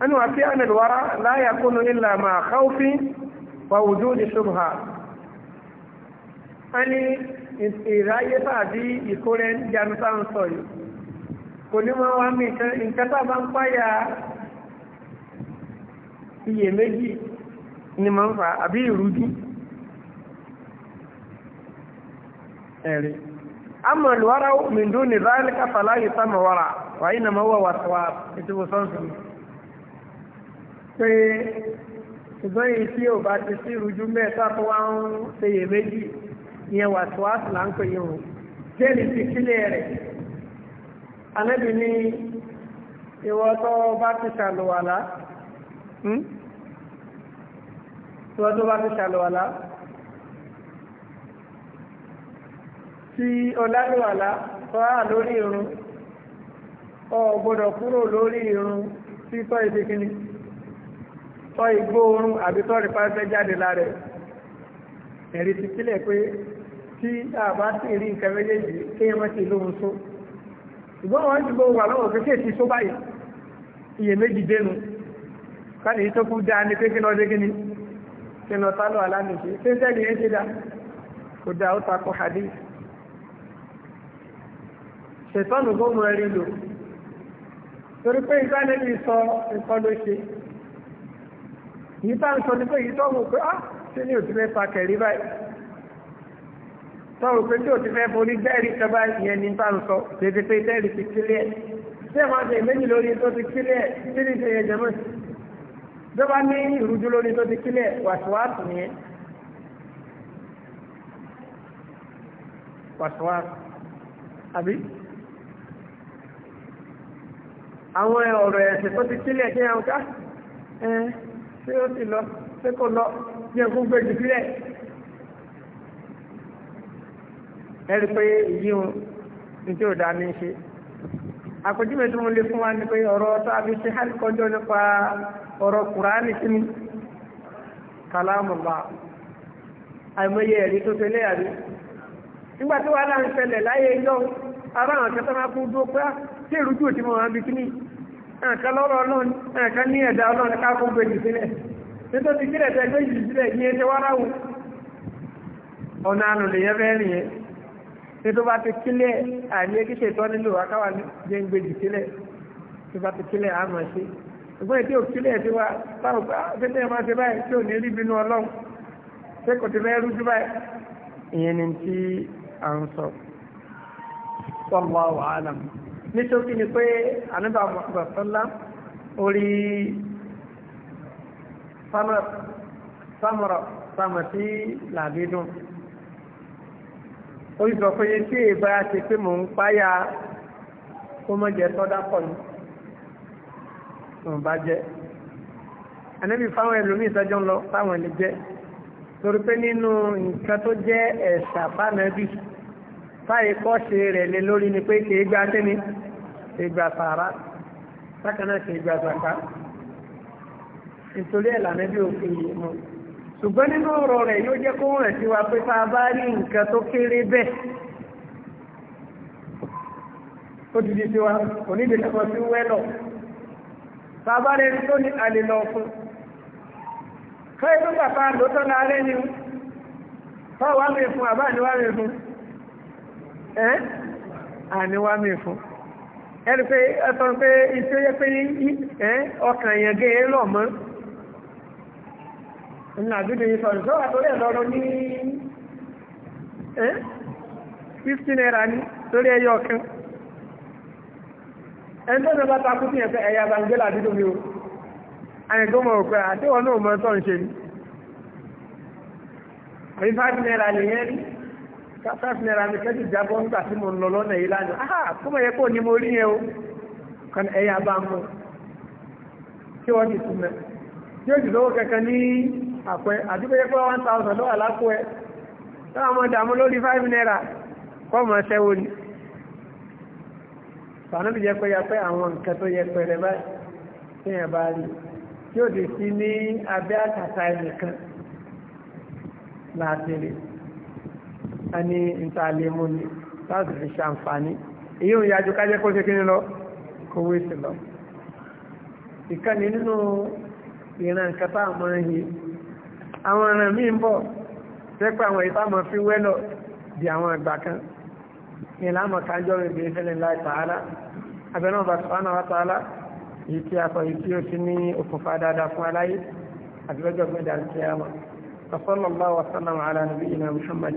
ẹnu àti ànàlùwárá láyà kúnnú ilà máa káwọ́fí wà wùdú ní ṣubha a ìráyé tàbí ìkórè janu tá ń sọ yìí kò ní máa wá mi nǹkan tá a bá ń páyà iyèméjì ni máa ń fà àbí ìrújú ẹ̀rí ama lùwárá mìndú ní záàlìkà fàláyé sámà wàrà wàyí nà máa wà wàtàwà ìtìwò sọ́nsìn pé ṣùgbọ́n èyí tí ò bá ti sí ìrújú mẹ́ta tó wá ń ṣeyè méjì ìyẹn wàtàwà sì là ń pè yẹn o jẹ́rìí ti kílẹ̀ rẹ̀ anábì ní ìwọ tó bá ti ṣàlùwàlá hmm? ìwọ tó bá ti ṣàlùwàlá. tí ọlálùwàlá tọ́ra lórí irun ọ gbọ́dọ̀ kúrò lórí irun tí tọ́ ìdíkíní tọ́ igbó oorun àbí tọ́ rípáṣẹ́ jáde lára ẹ̀rí ti sílẹ̀ pé tí àbá sì rí nǹkan méjèèjì kéèyàn mọ́ sí lóhun só ṣùgbọ́n wọ́n ti gbóhùn wà lọ́wọ́ pé kéèsì só báyìí iyèméjì dénú káàdì tó kú dáa ní kí ni kí lọ́ọ́ ṣé ṣètọ́nù gómù ẹ̀rí lò torí pé ìgbàlẹ́bí sọ nǹkan ló ṣe yìí bá ń sọ ah, ní pé yìí tọ́ wò pé á ṣe ní òtún fẹ́ pa kẹ̀rí báyìí tọ́ wò pé tí òtún fẹ́ borí bẹ́ẹ̀rí kẹba ìyẹn ní bá ń sọ tètè pé bẹ́ẹ̀rí ti kílẹ̀ ẹ̀ tí ẹ̀ máa ṣe méjì lórí tó ti kílẹ̀ ẹ̀ tí ní ṣe yẹn jẹ́mọ̀ ìjọba ní ìrújú lórí tó ti kílẹ̀ wàṣíwàṣù nìyẹn wàṣíwàṣù àbí. àwọn ọ̀rọ̀ ẹ̀sìn tó ti sílẹ̀ jẹ́ àwọn ká ẹ̀ẹ́n tí ó sì lọ tí kò lọ jẹ́ fún gbèjì sílẹ̀ ẹ̀rí pé yíyún ní tí ò dá ní ṣe àpèjúwe tí mo lè fún wa ni pé ọ̀rọ̀ tá a ṣe hàn kọjọ́ nípa ọ̀rọ̀ kùránì kí ni àìmọye ẹ̀rí tó nígbà tí wàhálà ń ṣẹlẹ̀ láyé ara àwọn akẹ́kọ̀ọ́ máa kú dúró tí ìrújú òtí mọ̀ wọn bí kíní ẹ̀ka lọ́rọ̀ ọlọ́run ẹ̀ka ní ẹ̀dá ọlọ́run ká kó gbèjì sílẹ̀ nítorí sílẹ̀ tẹ́ gbèjì sílẹ̀ ní ẹsẹ̀ wá ráwù ọ̀nà àrùn lè yẹn fẹ́ẹ́ rìn yẹn nítorí bá ti kílẹ̀ àní kíṣe ìtọ́ nílò akáwà jẹ́ ń gbèjì sílẹ̀ tó bá ti kílẹ̀ àmọ̀ ṣe ṣùgbọ́n ètò òkílẹ̀ ti wá báwo bá tẹ́tẹ́ ah, Wallahu a'lam nítorí ni pé àníbà mọ̀sánlá orí samara samati làbídùn orí sọ pé tí èèbá ti pé mò ń páyà kó mọ́ jẹ tọ́dá pọ̀ ní òun bá jẹ́ ànábì fáwọn ẹlòmíì sọ́jọ́ ń lọ fáwọn ẹlẹ́ jẹ́ torí pé nínú nǹkan tó jẹ́ ẹ̀sà fánàbì fáyé kọ́ ṣe rẹ̀ lé lórí ni pé kì í gba kíni ìgbà sàárà sákanáà kì í gba zaka nítorí ẹ̀ lànà bí òfin yìí mọ́ ṣùgbọ́n nínú ọ̀rọ̀ rẹ̀ yóò jẹ́ kó hàn sí wa pé tá a bá rí nǹkan tó kéré bẹ́ẹ̀ ó ti di tiwa onídìlẹ́kọ̀ọ́ sí wẹ́lọ̀ tá bá rí tó ní àlèlọ fún fẹ́ẹ́ tó bàbá lóòótọ́ la ni fọ́ọ̀ wá mi fún àbá àníwá mi fún ẹ́ àníwá mi fún. ẹni pé ẹ̀tọ́ pé iṣẹ́ yẹ pé ọkàn èèyàn gé e lọ mọ́ nínú àdúgbò yìí sọ̀rọ̀ sọ́wọ́ àtọ́lé ẹ̀lọ́rọ̀ ní 15 naira ní lórí ẹyọ ọ̀kan ẹni tó ní bá takú sí ẹ̀fẹ́ ẹ̀yà bàǹgẹ́là àdúgbò mi o àyẹ̀gọ́mọ̀ òpẹ́ àti wọn náà mọ́ tọ́ ń ṣe ní àbí naira lè yẹn rí five naira mi kẹ́jú jábọ́ nígbà tí mo lọ lọ́nà yìí lánàá aha kó yẹ kó ní mo rí yẹn o kan ẹ̀yà bá mú kí wọ́n ti tún mẹ́ tí jù kankan ní àpẹ àti ya pé one thousand ló wà ẹ táwọn dààmú lórí five naira kọ́ mọ̀ ṣẹ́wó ni sànúbì jẹ́ pé yẹpẹ́ àwọn nǹkan tó yẹ ya báyìí bá rí tí o ní abẹ́ àkàtà ẹnìkan láti rí i. a ní níta lè mú ni láti fi ṣàǹfààní èyí òun yájú ká jẹ́ kó ṣe kíni lọ kó wé sí lọ. ìkànnì nínú ìran nǹkan tá a máa ń yí àwọn ọ̀ràn míì ń bọ̀ sẹ́pẹ́ àwọn ìta mọ̀ fi wẹ́ lọ di àwọn àgbà kan ní ìlànà kájọ́ rẹ̀ ìfẹ́lẹ̀ láì tààlà abẹ́nú ọba sùpánà wa tààlà èyí tí a sọ èyí tí ó ti ní okùnfà dáadáa fún aláyé àti lọ́jọ́ gbẹ̀dẹ̀ àti kíyàmà. وصلى الله وسلم على نبينا محمد